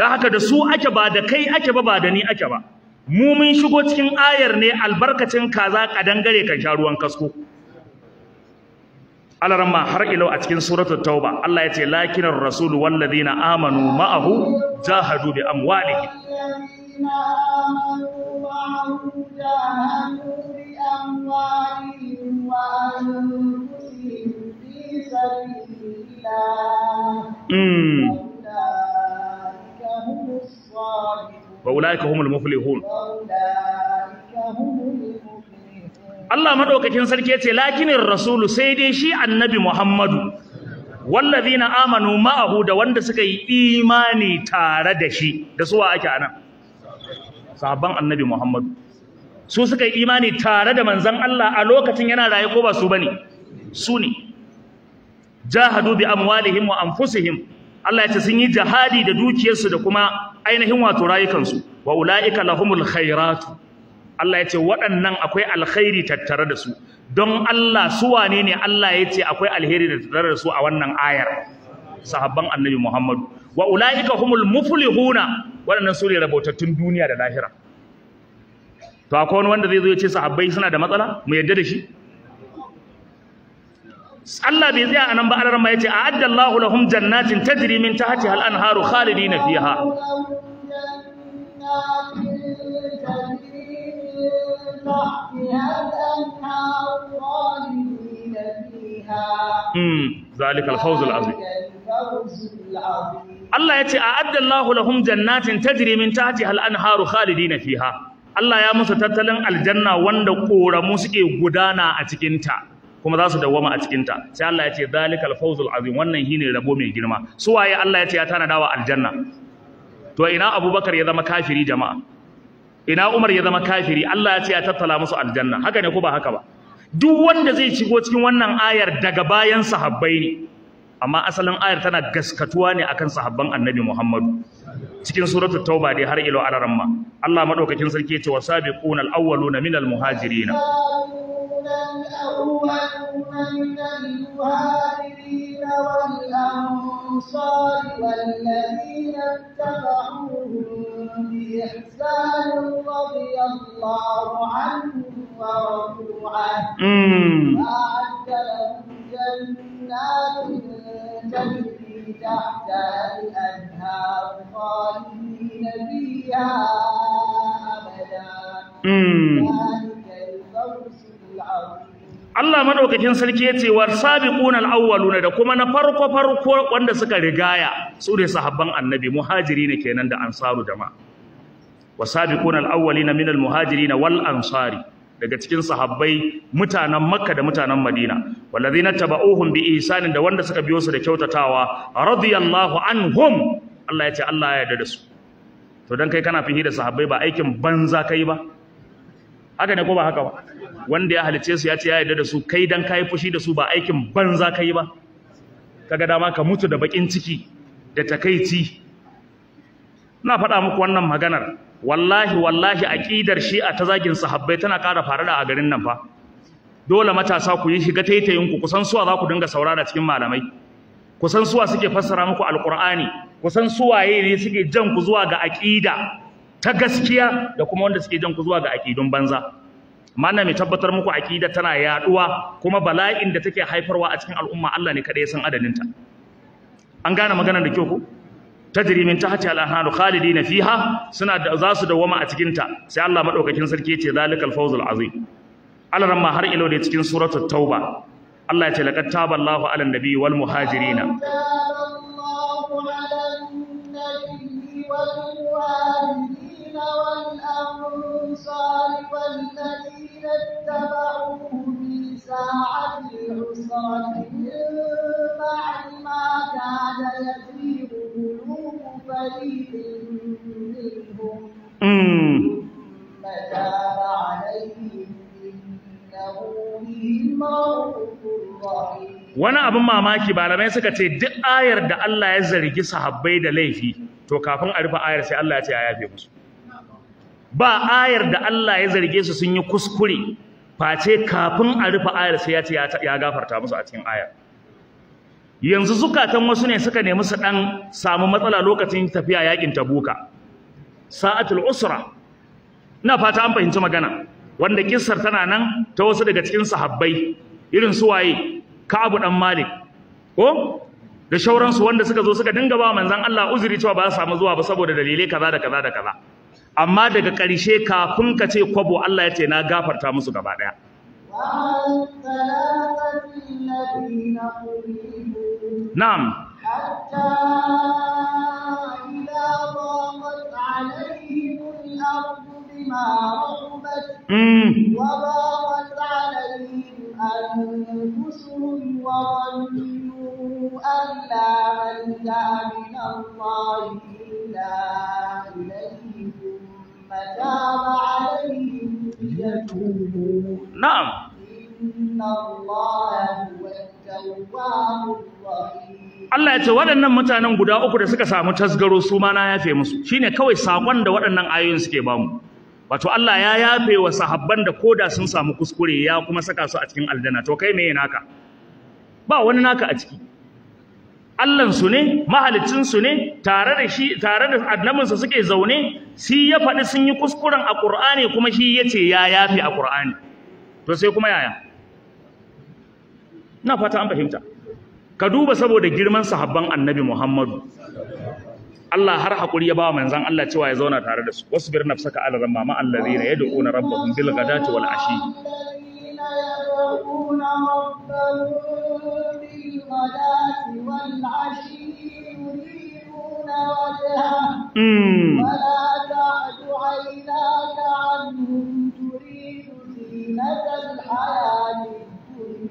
dan haka da su ake ba da kai ake ba ba da ni ake ba mu mun shigo cikin ayar ne albarkacin kaza kadangare kan sha ruwan kasko alarma har ilau a cikin suratul tauba Allah ya ce lakinar rasulu ladina amanu ma'ahu jahadu bi amwalihi سبيلا وأولئك هم Allah madaukakin sarki yace lakinin rasulu sai dai shi annabi Muhammadu wallazina amanu ma'ahu da wanda suka yi imani tare da shi da suwa ake anan sahabban annabi Muhammadu su suka yi imani tare da manzon Allah a lokacin yana raye ko ba su bane su ne jahadu bi amwalihim wa anfusihim Allah ya ce sun yi jihadi da dukiyarsu da kuma ainihin wato rayukansu wa ulaika lahumul khairatu Allah ya ce waɗannan akwai alkhairi tattare da su don Allah su wane ne Allah ya ce akwai alheri da tattare da su a wannan ayar sahabban annabi Muhammadu wa ulaika humul muflihuna waɗannan su ne rabotattun duniya da lahira to akwai wani wanda zai zo ya ce sahabbai suna da matsala mu yadda da shi Allah bai tsaya anan ba alarma yace a'adda Allahu lahum jannatin tajri min tahtiha al-anharu khalidina fiha ذلك الفوز العظيم Allah ya ce a addallahu lahum jannatin tajri min tahtiha al-anharu khalidina fiha Allah ya musu tattalin aljanna wanda koramu suke gudana a cikinta. kuma za su dawwama a cikinta. ta sai Allah ya ce zalikal fawzul azim wannan shine rabo mai girma su waye Allah ya ce ya tanada wa aljanna to ina Abubakar ya zama kafiri jama'a ina Umar ya zama kafiri Allah ya ce ya tattala musu aljanna haka ne ko ba haka ba duk wanda zai shigo cikin wannan ayar daga bayan sahabbai ne amma asalin ayar tana gaskatuwa ne akan sahabban annabi Muhammadu cikin suratu tauba dai har ilo alaramma Allah madaukakin sarki ya ce wasabiquna alawwaluna minal muhajirin أول من المهاجرين والأنصار والذين اتبعوهم بإحسان رضي الله عنهم ورضوا عنه وأعد لهم جنات تجري تحتها الأنهار خالدين فيها أبدا Allah madaukakin sarki yace war sabiquna al-awwaluna da kuma na farko farko wanda suka rigaya su ne sahabban annabi muhajirina kenan da ansaru jama'a wasabiquna al-awwalina min al-muhajirina wal ansari daga cikin sahabbai mutanen Makka da mutanen Madina wallazina taba'uhum bi ihsanin da wanda suka biyo su da kyautatawa radiyallahu anhum Allah ya ce Allah ya yarda da su to dan kai kana fihi da sahabbai ba aikin banza kai ba haka ne ko ba haka ba wanda ya halice su ya ce ya yarda da su kai dan kai fushi da su ba aikin banza kai ba kaga dama ka mutu da bakin ciki da takaici ina faɗa muku wannan maganar wallahi wallahi aqidar shi'a ta zagin sahabbai tana ƙara farada a garin nan fa dole matasa ku yi shiga taitayin ku kusan suwa za ku dinga saurara cikin malamai kusan suwa suke fassara muku alqur'ani kusan suwaye ne suke jan ku zuwa ga aqida ta gaskiya da kuma wanda suke jan ku zuwa ga aqidun banza mana mai tabbatar muku aqida tana yaɗuwa kuma bala'in da take haifarwa a cikin al'umma Allah ne kaɗai ya san adadinta an gane maganar da kyau ko tajri min tahti al-anharu khalidina fiha suna da za su dawama a cikin ta sai Allah madaukakin sarki ce zalikal fawzul azim alaramma har ilo da cikin suratul tauba Allah ya ce laqad taba Allahu 'ala an-nabi wal muhajirina Hmm. wani abin mamaki malamai suka ce duk ayar da Allah ya zargi sahabbai da laifi to kafin a rufe ayar sai Allah ya ce ya musu ba ayar da Allah ya zarge su sun yi kuskure face kafin a rufe ayar sai ya ce ya gafarta musu a cikin ayar yanzu zukatan wasu ne suka nemi su dan samu matsala lokacin tafiya yakin tabuka sa'atul usra ina fata an fahimci magana wanda kissar tana nan ta wasu daga cikin sahabbai irin su waye Ka'ab dan Malik ko da shauransu wanda suka zo suka dinga ba manzon Allah uzuri cewa ba za samu zuwa ba saboda dalilai kaza da kaza da kaza amma daga ƙarshe kafin ka ce kwabo Allah ya ce na gafarta musu gaba ɗaya على الثلاثة الذين قلبوا نعم حتى إذا ضاقت عليهم الأرض بما رحبت وضاقت عليهم أنفسهم وظنوا أن لا ملجأ من الله إلا إليه ثم تاب عليهم ليتوبوا نعم Allah ya ce waɗannan mutanen guda uku da suka samu tasgaro su ma na yafe musu shine kawai sakon da waɗannan ayoyin suke bamu wato Allah ya yafe wa sahabban da koda sun samu kuskure ya kuma saka su a cikin aljanna to kai meye naka ba wani naka a ciki Allahn su ne mahalicin su ne tare da shi tare da suke zaune shi ya faɗi sun yi kuskuren a Qur'ani kuma shi yace ya yafe a Qur'ani to sai kuma yaya ina fata an fahimta ka duba saboda girman sahabban annabi Muhammadu Allah har hakuri ya bawa manzon Allah cewa ya zauna tare da su wasbir nafsaka ala ramma ma allazina yad'una rabbahum bil ghadati wal ashi Mm.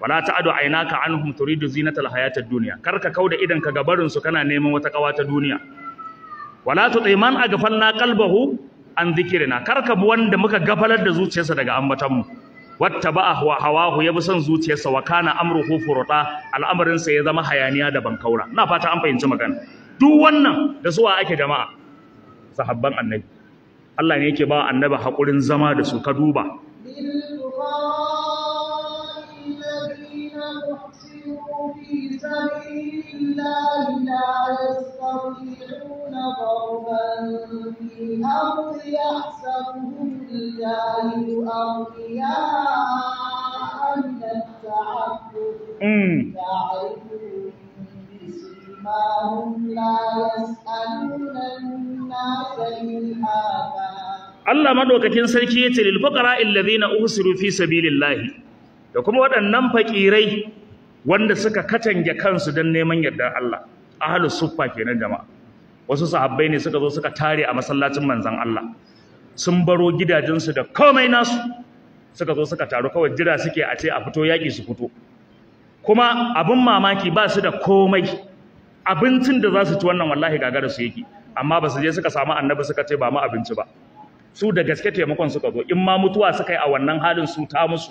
wala ta'adu aynaka anhum turidu zinatal hayatad dunya karka kauda idan ka gabarin su kana neman wata kawa ta duniya wala tuti man aghfalna qalbahu an dhikrina karka bu wanda muka gafalar da zuciyarsa daga ambatan mu wattaba ahwa hawahu yabi son zuciyarsa wa kana amruhu furuta al'amarin sa ya zama hayaniya da bankaura ina fata an fahimci magana duk wannan da suwa ake jama'a sahabban annabi Allah ne yake ba annabi hakurin zama da su ka duba Allah madaukakin sarki yace lil fuqara alladhina uhsiru fi sabilillahi da kuma waɗannan fakirai wanda suka katange kansu don neman yardar Allah ahlus suffa kenan jama'a wasu sahabbai ne suka zo suka tare a masallacin manzon Allah sun baro gidajensu da komai nasu suka zo suka taru kawai jira suke a ce a fito yaƙi su fito kuma abin mamaki ba su da komai abincin da za su ci wannan wallahi gagara su yake amma ba su je suka samu annabi suka ce ba mu abinci ba su da gaske taimakon suka zo in ma mutuwa suka yi a wannan halin su ta musu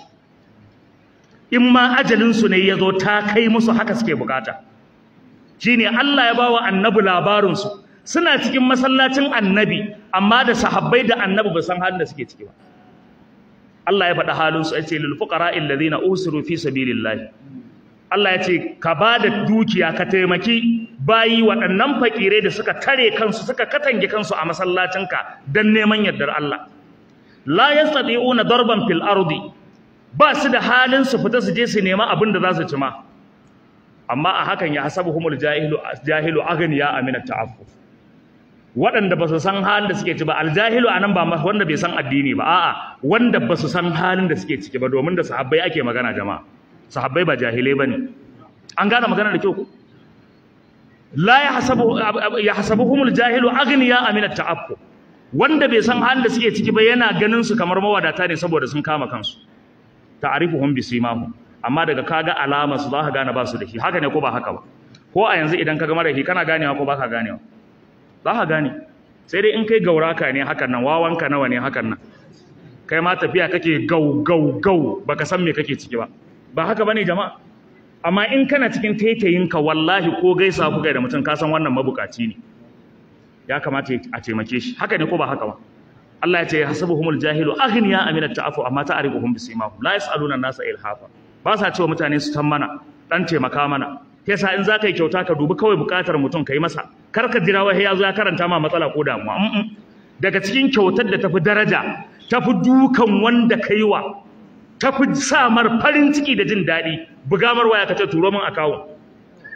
in ma ajalinsu ne ya zo ta kai musu haka suke bukata shine Allah ya bawa annabi labarinsu suna cikin masallacin annabi amma da sahabbai da annabi ba san halin da suke ciki ba Allah ya faɗa halinsu ya ce lil fuqara alladhina usiru fi sabilillahi Allah ya ce ka ba da dukiya ka taimaki bayi waɗannan fakirai da suka tare kansu suka katange kansu a masallacinka don neman yardar Allah la yastati'una darban fil ardi ba su da halin su fita su je su nema abin da za su ci ma amma a hakan ya hasabuhumul jahilu jahilu aghniya amina ta'affuf waɗanda ba su san halin da suke ci ba aljahilu anan ba wanda bai san addini ba a'a wanda ba su san halin da suke ciki ba domin da sahabbai ake magana jama'a sahabbai ba jahilai bane an gane magana da kyau ko la humul jahilu aghniya min at wanda bai san halin da suke ciki ba yana ganin su kamar mawadata ne saboda sun kama kansu ta'arifuhum bi simahum amma daga kaga alama su zaka gane ba su da shi haka ne ko ba haka ba ko a yanzu idan kaga mara shi kana ganewa ko baka ganewa zaka gane sai dai in kai gauraka ne hakan nan wawanka nawa ne hakan nan kai ma tafiya kake gau gau gau baka san me kake ciki ba ba haka bane jama'a amma in kana cikin taitayinka wallahi ko gaisa kuka da mutum ka san wannan mabukaci ne ya kamata a taimake shi haka ne ko ba haka ba Allah ya ce hasabuhumul jahilu aghniya aminat ta'afu amma ta'rifuhum bisimahum la yas'aluna an-nasa ilhafa ba sa cewa mutane su tan mana dan taimaka mana kesa in zaka yi kyauta ka dubi kawai bukatar mutum kai masa kar ka jira wai ya zo ya karanta ma matsala ko damuwa daga cikin kyautar da tafi daraja tafi dukan wanda kai wa tafi samar farin ciki da jin daɗi bugamar waya kace turo min akawun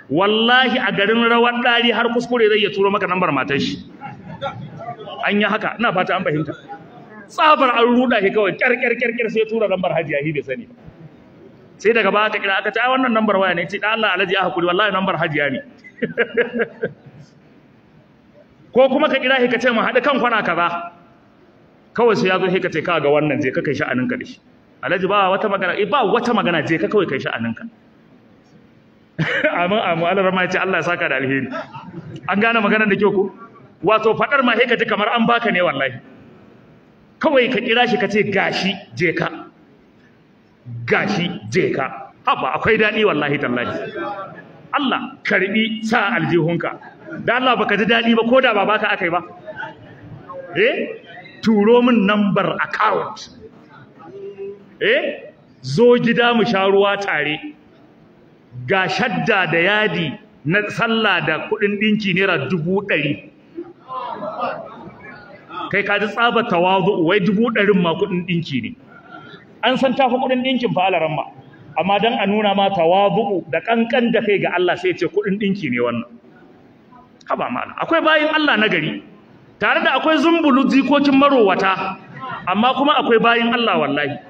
wallahi a garin rawar ɗari har kuskure zai iya turo maka lambar matar shi an yi haka ina fata an fahimta tsabar an ruɗa shi kawai ƙyar ƙyar sai tura lambar hajiya shi bai sani ba sai daga ba aka kira aka ta wannan lambar waya ne ce dan Allah alaji ya hakuri wallahi lambar hajiya ne ko kuma ka kira shi ka ce mu haɗu kan kwana kaza kawai sai ya zo shi ka ce ka ga wannan je ka kai sha'anin ka da shi alhaji ba wata magana eh, ba wata magana je ka kawai kai sha'aninka amin amma Allah rama ce Allah ya saka da alheri an gane maganar da kyau ko wato fadar ma heka kamar an baka ne wallahi kawai ka kira shi ka ce gashi je ka gashi je ka haba akwai dadi wallahi tallahi Allah karbi sa aljihunka da Allah baka ji daɗi ba ko da ba baka akai ba eh turo min number account eh zo gida mu sha ruwa tare ga shadda da yadi na sallah da kuɗin ɗinki naira dubu ɗari kai ka ji tsaba tawazu wai dubu ɗarin ma kuɗin ɗinki ne an san tafi kuɗin ɗinkin fa alaran ma amma dan a nuna ma tawazu da kankan da kai ga Allah sai ce kuɗin ɗinki ne wannan haba mala akwai bayin Allah na gari tare da akwai zumbulu jikokin marowata amma kuma akwai bayin Allah wallahi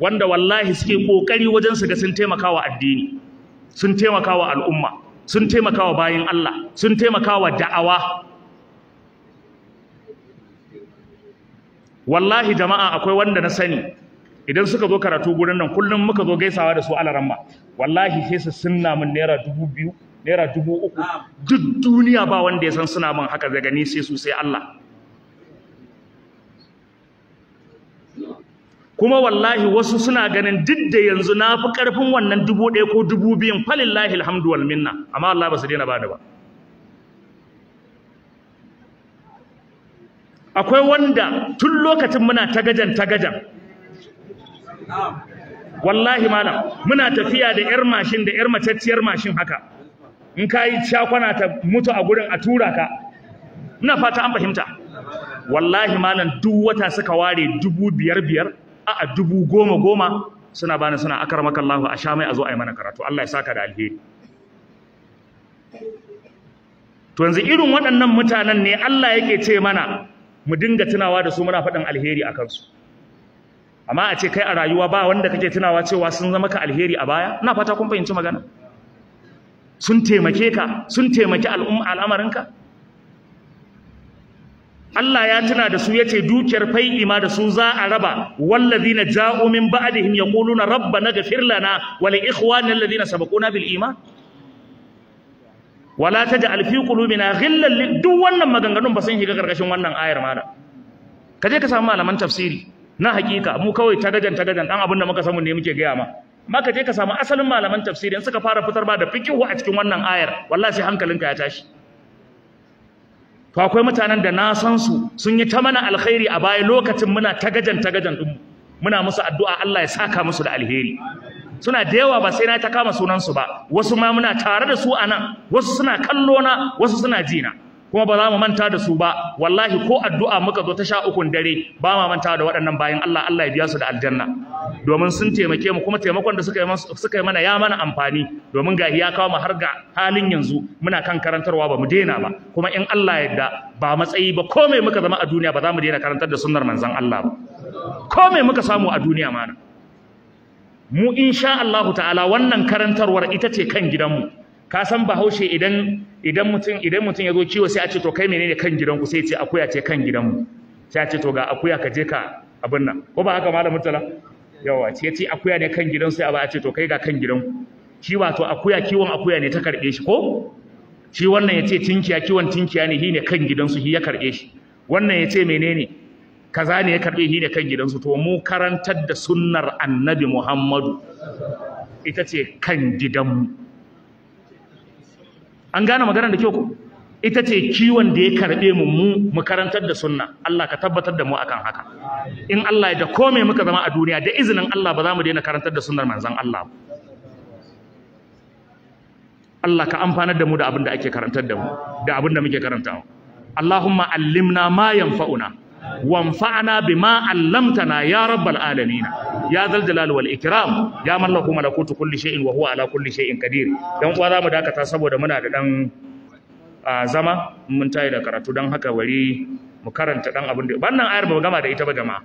wanda wallahi suke kokari wajen su ga sun taimakawa addini sun taimakawa al'umma sun taimakawa bayin Allah sun taimakawa da'awa wallahi jama'a akwai wanda na sani idan suka zo karatu gurin nan kullum muka zo gaisawa da su alaramma wallahi sai su sunna min naira dubu biyu naira dubu uku duk duniya ba wanda ya san suna min haka zagani sai su sai Allah kuma wallahi wasu suna ganin duk da yanzu na fi ƙarfin wannan dubu ɗaya ko dubu biyun falillahi alhamdu minna amma Allah ba su daina bani ba akwai wanda tun lokacin muna tagajan tagajan wallahi malam muna tafiya da yar mashin da yar matacciyar mashin haka in ka yi cakwana ta mutu a gurin a tura ka ina fata an fahimta wallahi malam duk wata suka ware dubu biyar biyar a'a dubu goma goma suna bani suna akar maka a sha mai a zo a yi mana karatu Allah ya saka da alheri to yanzu irin waɗannan mutanen ne Allah yake ce mana mu dinga tunawa da su muna faɗin alheri a kansu amma a ce kai a rayuwa ba wanda kake tunawa cewa sun zama ka alheri a baya ina fata kun fahimci magana sun taimake ka sun taimake al'amarin al'amarinka Allah ya tuna da su yace dukiyar fai'i ma da su za a raba wallazina ja'u min ba'dihim yaquluna rabbana ighfir lana wa li ikhwanina alladhina sabaquna bil iman wala taj'al fi qulubina ghillan duk wannan maganganun ba sun shiga karkashin wannan ayar ma da je ka samu malaman tafsiri na hakika mu kawai tagajan tagajan dan abin da muka samu ne muke gaya ma ka je ka samu asalin malaman tafsiri in suka fara fitar ba da fikihu a cikin wannan ayar wallahi hankalinka ya tashi to akwai mutanen da na san su sun yi ta mana alkhairi a baya lokacin muna tagajan tagajan din muna musu addu'a Allah ya saka musu da alheri suna da yawa ba sai na ta kama sunan su ba wasu ma muna tare da su anan wasu suna kallo na wasu suna ji na kuma ba za mu manta da su ba wallahi ko addu'a muka zo ta sha ukun dare ba ma manta da waɗannan bayan Allah Allah ya biya su da aljanna domin sun taimake mu kuma taimakon da suka yi suka yi mana ya mana amfani domin ga ya kawo mu har ga halin yanzu muna kan karantarwa ba mu daina ba kuma in Allah ya yarda ba matsayi ba komai muka zama a duniya ba za mu daina karantar da sunnar manzon Allah ba komai muka samu a duniya mana mu insha Allah ta'ala wannan karantarwar ita ce kan gidanmu ka san bahaushe idan idan mutum idan mutum ya zo ciwo sai a ce to kai menene kan gidanku sai ce akuya ce kan gidanmu sai a ce to ga akuya ka je ka abin nan ko ba haka malamin tala yawa ce ce akuya ne kan gidansu sai a ba a ce to kai ga kan gidanku shi wato akuya kiwon akuya ne ta karbe shi ko shi wannan ya ce tinkiya kiwon tinkiya ne shi ne kan gidansu shi ya karbe shi wannan ya ce menene kaza ne ya karbe shi ne kan gidansu to mu karantar da sunnar annabi Muhammadu ita ce kan gidanmu an gane magana da kyau ko ita ce kiwon da ya karɓe mu mu makarantar da sunna Allah ka tabbatar da mu akan haka in Allah ya da kome muka zama a duniya da izinin Allah ba za mu daina karantar da sunnar manzon Allah Allah ka amfanar da mu da abin da ake karantar da mu da abin da muke karantawa Allahumma allimna ma yanfa'una وانفعنا بما علمتنا يا رب العالمين يا ذا الجلال والإكرام يا من له ملكوت كل شيء وهو على كل شيء قدير dan uwa zamu dakata saboda muna da dan zama mun tayi da karatu dan haka wari mu karanta dan abin da Bannan ayar ba gama da ita ba jama'a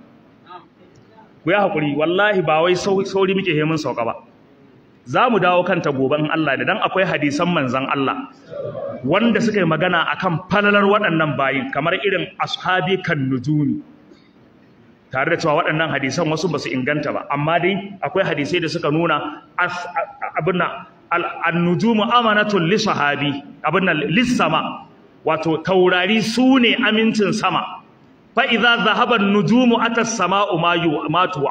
ku ya hakuri wallahi ba wai sauri muke he mun sauka ba za mu dawo kanta goben Allah ne dan akwai hadisan manzon Allah wanda suka yi magana akan falalar waɗannan bayin kamar irin ashabi kan nujumi tare da cewa waɗannan hadisan wasu ba su inganta ba amma dai akwai hadisai da suka nuna abin annujumu amanatun li sahabi abin nan lissama wato taurari su ne amincin sama fa idza nujumu ata as-sama'u ma yu'matu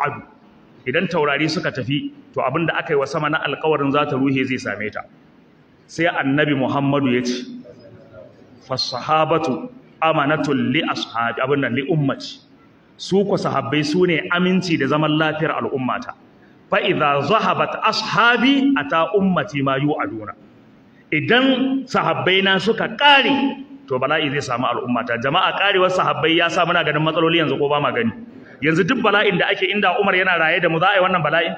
idan taurari suka tafi to abin da aka yi wa sama na alkawarin za ta ruhe zai same ta sai annabi muhammadu ya ce fasahabatu amanatun li ashabi abin nan li ummati su ku sahabbai su ne aminci da zaman lafiyar al'ummata fa idza zahabat ashabi ata ummati ma yu'aduna idan sahabbai na suka kare to bala'i zai samu al'ummata jama'a karewar sahabbai ya sa muna ganin matsaloli yanzu ko ba ma gani yanzu duk bala'in da ake inda Umar yana raye da mu za a yi wannan bala'in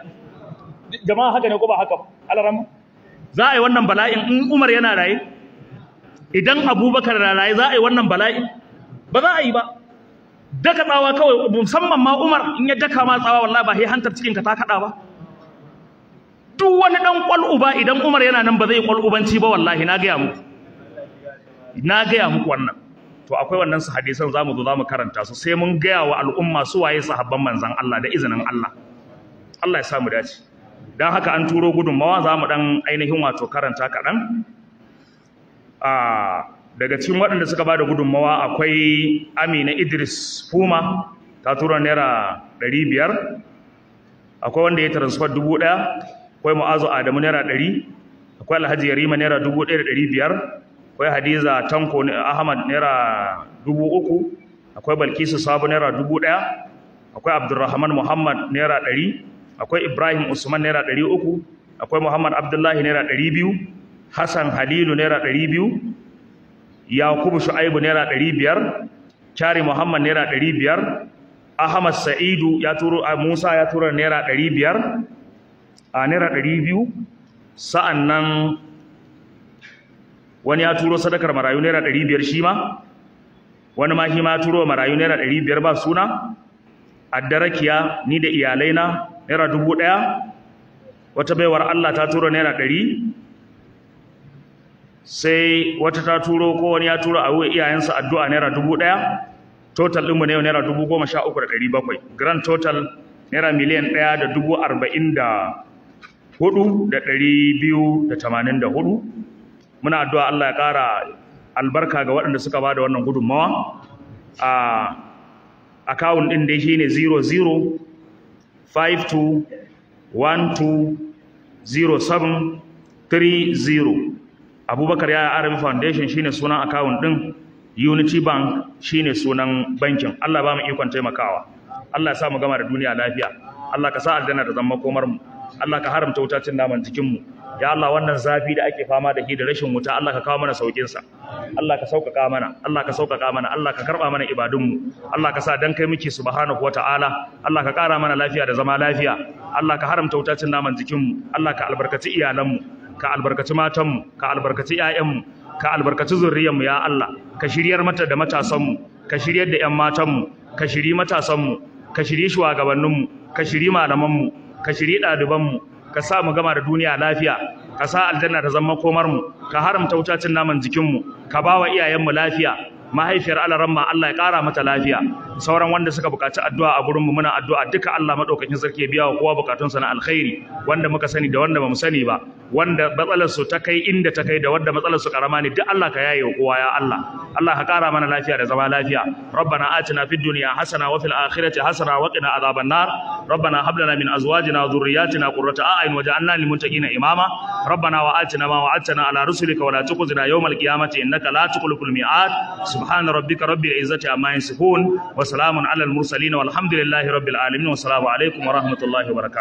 jama'a haka ne ko ba haka alaram za a yi wannan bala'in in Umar yana raye idan Abubakar na raye za a yi wannan bala'in ba za a yi ba daka tsawa kawai musamman ma Umar in ya daka ma tsawa wallahi ba sai hantar cikin ka ta kada ba duk wani dan kwal'uba idan Umar yana nan ba zai kwal'ubanci ba wallahi na ga ya muku na ga ya muku wannan to akwai wannan su hadisan mu zo zamu karanta su sai mun gaya wa al'umma su waye sahabban manzan Allah da izinin Allah Allah ya samu dace dan haka an turo gudunmawa mu ɗan ainihin wato karanta kaɗan. daga cikin waɗanda suka ba da gudunmawa akwai amina idris fuma ta tura naira ɗari biyar akwai wanda ya transfer dubu ɗaya akwai mu'azu adamu naira ɗari akwai alhaji yarima naira dubu ɗaya da ɗari biyar akwai hadiza tanko ahmad naira dubu uku akwai balkisu sabu naira dubu ɗaya akwai abdulrahman muhammad naira ɗari akwai ibrahim usman naira ɗari uku akwai muhammad abdullahi naira ɗari biyu hassan halilu naira ɗari biyu yakubu shu'aibu naira ɗari biyar kyari muhammad naira ɗari biyar ahmad sa'idu ya turo musa ya tura naira ɗari biyar a naira ɗari biyu sa'an nan wani ya turo sadakar marayu naira ɗari biyar shi ma wani ma shi ma ya turo marayu naira ɗari biyar ba suna addarakiya ni da iyalaina naira dubu ɗaya wata baiwar Allah ta turo naira ɗari sai wata ta turo ko wani ya turo a wuya iyayensa addu'a naira dubu ɗaya total ɗinmu ne naira dubu goma sha uku da ɗari bakwai grand total naira miliyan ɗaya da dubu arba'in da hudu da ɗari biyu da tamanin da hudu muna addu'a Allah ya ƙara albarka ga waɗanda suka ba da wannan gudunmawa a akawun ɗin dai shine 00 abubakar yaya arabi foundation shine sunan akawun ɗin unity bank shine sunan bankin Allah ba mu ikon taimakawa Allah ya sa mu gama da duniya lafiya Allah ka sa aljanna ta zama komar mu Allah ka haramta wutacin naman jikin mu ya Allah wannan zafi da ake fama da shi da rashin wuta Allah ka kawo mana saukin sa Allah ka sauƙaƙa mana Allah ka sauƙaƙa mana Allah ka karɓa mana ibadunmu Allah ka sa dan kai muke subhanahu wata'ala Allah ka ƙara mana lafiya da zama lafiya Allah ka haramta wutacin naman mu Allah ka albarkaci iyalanmu ka albarkaci matanmu ka albarkaci mu ka albarkaci zurriyanmu ya Allah ka shiryar mata da matasanmu ka shiryar da 'yan mu ka shiri mu ka shiri mu ka shiri mu ka shiri mu ka sa mu gama da duniya lafiya ka sa aljanna ta zama komar mu ka haramta wutacin naman jikin mu ka wa iyayen mu lafiya mahaifiyar alaramma Allah ya kara mata lafiya sauran wanda suka bukaci addu'a a gurin mu muna addu'a duka Allah madaukakin sarki ya biya wa kowa bukatunsa na alkhairi wanda muka sani da wanda mu sani ba wanda matsalarsu ta kai inda ta kai da wanda matsalar ƙarama ne duk Allah ka yaye kowa ya Allah Allah ka kara mana lafiya da zama lafiya rabbana atina fid dunya hasana wa fil akhirati hasana wa qina adhaban nar rabbana hab lana min azwajina wa dhurriyyatina qurrata a'yun waj'alna lil muttaqina imama rabbana wa atina ma wa'adtana ala rusulika wa la tukhzina yawmal qiyamati innaka la mi'ad subhana rabbika rabbil izzati amma yasifun wa salamun alal mursalin walhamdulillahi rabbil alamin wa assalamu alaikum wa rahmatullahi